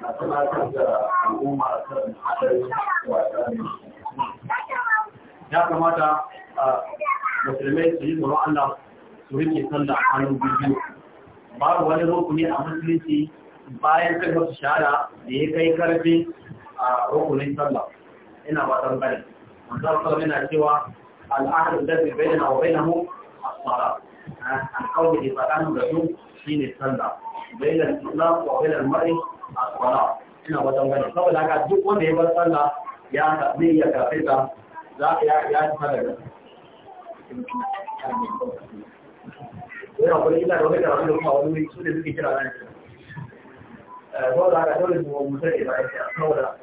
a tunatar da al'umma a kan haɗarin wasa ya kamata a musulmai su yi tsoron Allah su rike sallah a hannun biyu babu wani rukuni a musulunci bayan kai wasu shahada da ya kai karfi a rukunin sallah ina ba tan bane manzon sallallahu yana cewa al'adar da alladhi bayyana wa bayyana mu a salat an qawli bi tsakanin da su shine sallah bainal islam wa bainal mar'i ina wajen gani saboda haka duk wanda ya bar sallah ya zai iya kafeta za a ya ya ta daga yana kuma ina da wani da wani kuma wani wuri su da suke kira nan eh, saboda haka dole mu mutar da bayan saboda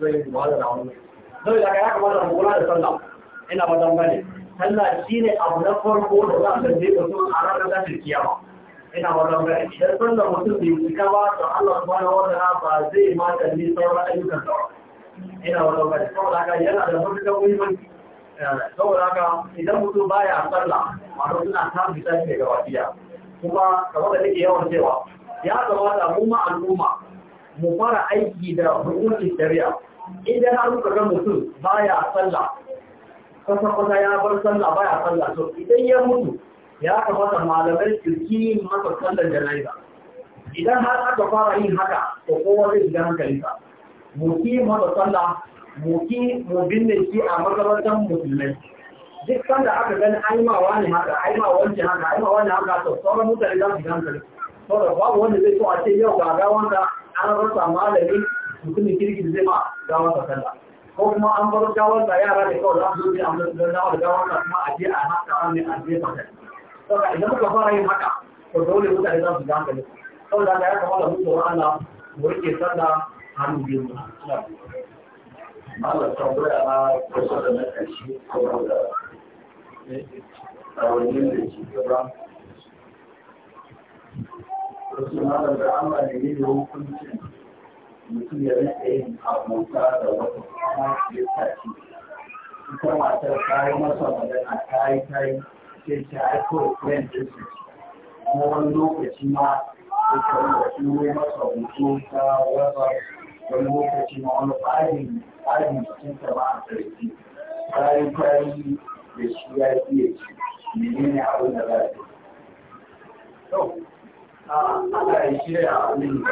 zai yi wahala da wani saboda haka ya kamata mu kula da sallah ina wajen gani sallah shine abu na farko da za a san dai mutum a ranar tashin kiyama ina wannan ga idan sallar mutum bai cika ba to Allah subhanahu wataala ba zai ma kalli sauran ayyukan sa ina wannan ga saboda haka yana da mutukar muhimmanci eh, saboda haka idan mutum baya sallah wato suna samun fitar ke gaba daya kuma kamar da nake yawan cewa ya kamata mu ma al'umma mu fara aiki da hukuncin shari'a idan an kuka ga mutum baya sallah kwata-kwata ya bar sallah baya sallah to idan ya mutu ya kamata malamai su ki masa sallar jana'iza idan har aka fara yin haka to kowa zai shiga hankalinsa mu ki masa sallah mu ki mu binne shi a makarantar musulmai duk sanda aka gani aimawa ne haka aimawa ne haka aimawa ne haka to sauran mutane za su shiga hankalinsa da babu wanda zai so a ce yau ga gawanka an rasa malami mutumin kirki da zai ma gawanka sallah ko kuma an bar gawanka yara da kawai za su zo ne a da gawanka kuma a je a haka ne a je fasari saboda idan muka fara yin haka to dole mutane za su gane ne saboda ya kamata mu tsoro Allah mu rike sallah hannu biyu mu Allah tambaya na kusa da na ƙarshe ko da rawanin da ke gaba wasu malar da Allah ne ne da hukuncin mutum ya rike yin abota da wata kuma ya tashi ita matar ta masa magana ta yi sai ta aiko friend kuma wani lokaci ma da karfafi masa hoto ta wasa wani lokaci ma wani tsarin tsarin cikin ta ba a sarki tsarin tsarin da shi ya iya ci menene abin da za a yi to ana yi shirya abin da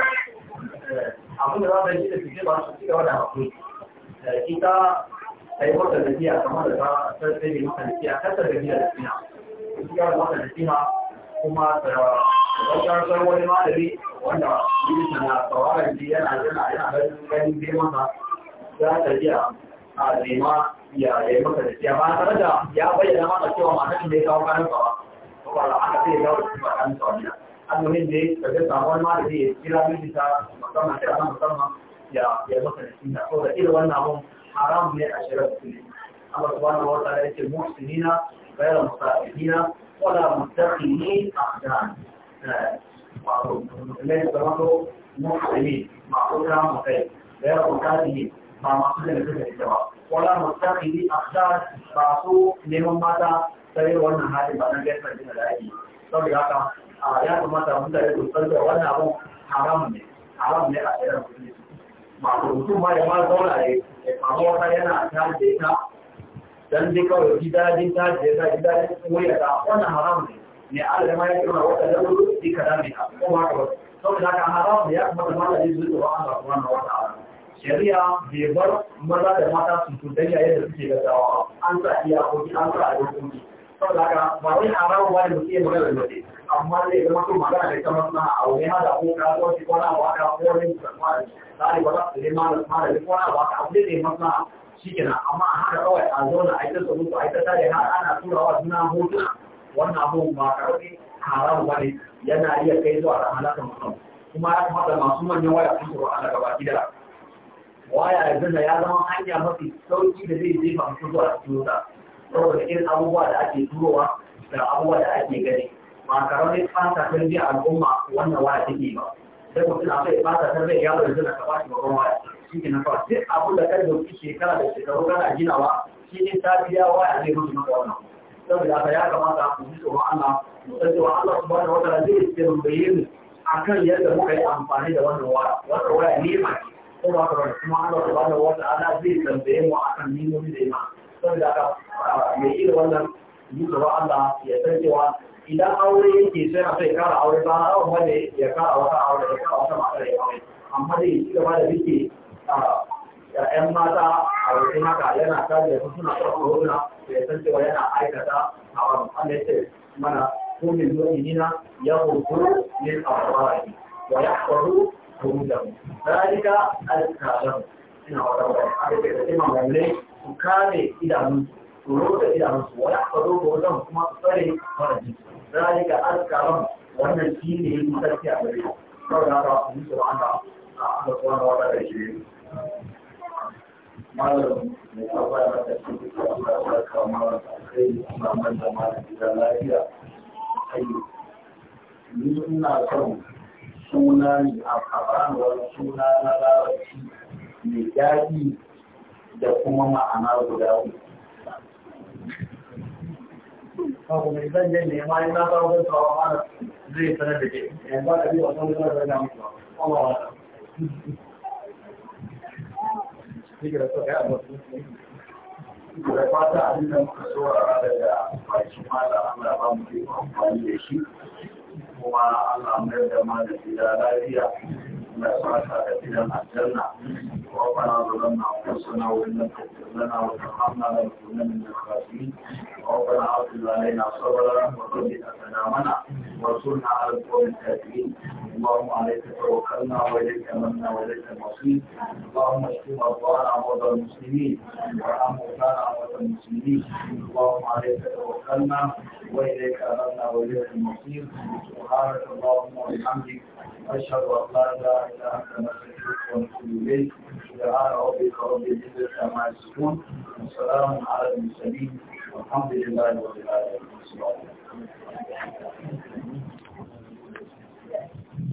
eh, abin da za a yi da fice ba su ci gaba da hakuri eh, ita a tafiya kamar da ta sai da mata tafiya kasar da biya da fiya gaskiya da kuma da wani malami wanda yi yana yana yana ganin bai masa za ya da da ya bayyana masa cewa mata shi ya kawo da ya ga ya kira miji ta musamman da da da wannan abun haram ne a shirar su wa ta'ala yake غير مصائبين ولا متخذين أخدان معروف ليس برضه مسلمين معروفة غير متخذين ما مقصود لكذا ولا متخذين أخدان معروف لهم ماذا sai wannan halin ba na gaskar jina da ake saboda haka ya kamata mutane su san da wannan abun haram ne haram ne a tsayar musulmi ma mutum ma ya ma zauna yana tare da dan dai kawai ji dadin ta da ya ji dadin waya da wannan haram ne ne Allah ma ya kira wata da wuri shi kada ne ko ma Sau da haka haram ne ya kuma ma da ji zuwa Allah subhanahu wa ta'ala shari'a bai bar maza da mata su tudanya da suke gaggawa an sa koki, an sa a koki. Sau da haka ba wai haram ba ne mutum magana da mutum amma zai zama su magana da ta masana a wani hada ko kasuwanci ko na ba ka ko wani musamman da ba za su zai ma da ko na ba ka abu da ya masana shi kenan amma a haka kawai a zauna a ita sabu a ita tare har ana turawa suna hotuna wannan abu ba karfi haram ba ne yana iya kai zuwa da halakar mutum kuma ya kamata masu manyan waya sun turo Allah gaba gida waya yanzu da ya zama hanya mafi sauki da zai jefa mutum zuwa cikin wuta saboda irin abubuwa da ake turowa da abubuwa da ake gani ba karfi fata tarbiyyar al'umma wannan waya take ba sai mutum a sai fata tarbiyyar yaro yanzu da ka ba shi babban waya shi ne fa duk abu da kai shekara da shekaru kana ginawa shi ne ta waya zai maka wannan saboda ya kamata ku ji tsoron Allah san cewa Allah zai akan yadda muka yi amfani da wannan waya waya ne ma kuma Allah zai tambaye mu akan nimomi da ima saboda ah, mai yi da wannan tsoron Allah ya san cewa idan aure yake sai na sai kara aure ba ya kara wata aure ya kara wata ya amma dai ci gaba da rike 'yan mata a wajen haka yana kare su suna ɗaukar hotuna da ya san cewa yana aikata a wani Allah ya ce mana kumin mu'minina ya hutu min afwari wa yahfazu furujahu dalika al-kalam ina wata wata a da ke cewa mallai su kare idanun su rota idanun su wa yahfazu furujahu kuma su tsare farajin dalika al-kalam wannan ne yin sarki a kawai gare saboda haka musu Allah Allah subhanahu wa ta'ala shi malam mai kawai mata shi duka Allah ya saka malam kai kuma man da malam na lafiya kai ni ina son suna ne a kaban wani suna na larabci mai daɗi da kuma ma'ana guda uku Babu mai zan je nema yi na kawo zai zai sanar da ke, yanzu da biyu a kan zuwa da gama kuma wa hijira ta kai abu da fata abin da muka so a daga bakin mala Allah ba mu yi amfani da shi kuma Allah mai da mana gida lafiya na fata da gidan aljanna ربنا ظلمنا انفسنا وان لم تغفر لنا وترحمنا لنكونن من الخاسرين ربنا اغفر علينا صبرنا وثبت اقدامنا وانصرنا على القوم الكافرين اللهم عليك توكلنا واليك امنا واليك المصير اللهم اشف مرضانا ومرضى المسلمين وارحم موتانا وموتى المسلمين اللهم عليك توكلنا واليك امنا واليك المصير سبحانك اللهم وبحمدك اشهد ان لا اله الا انت نستغفرك ونتوب اليك Thank you.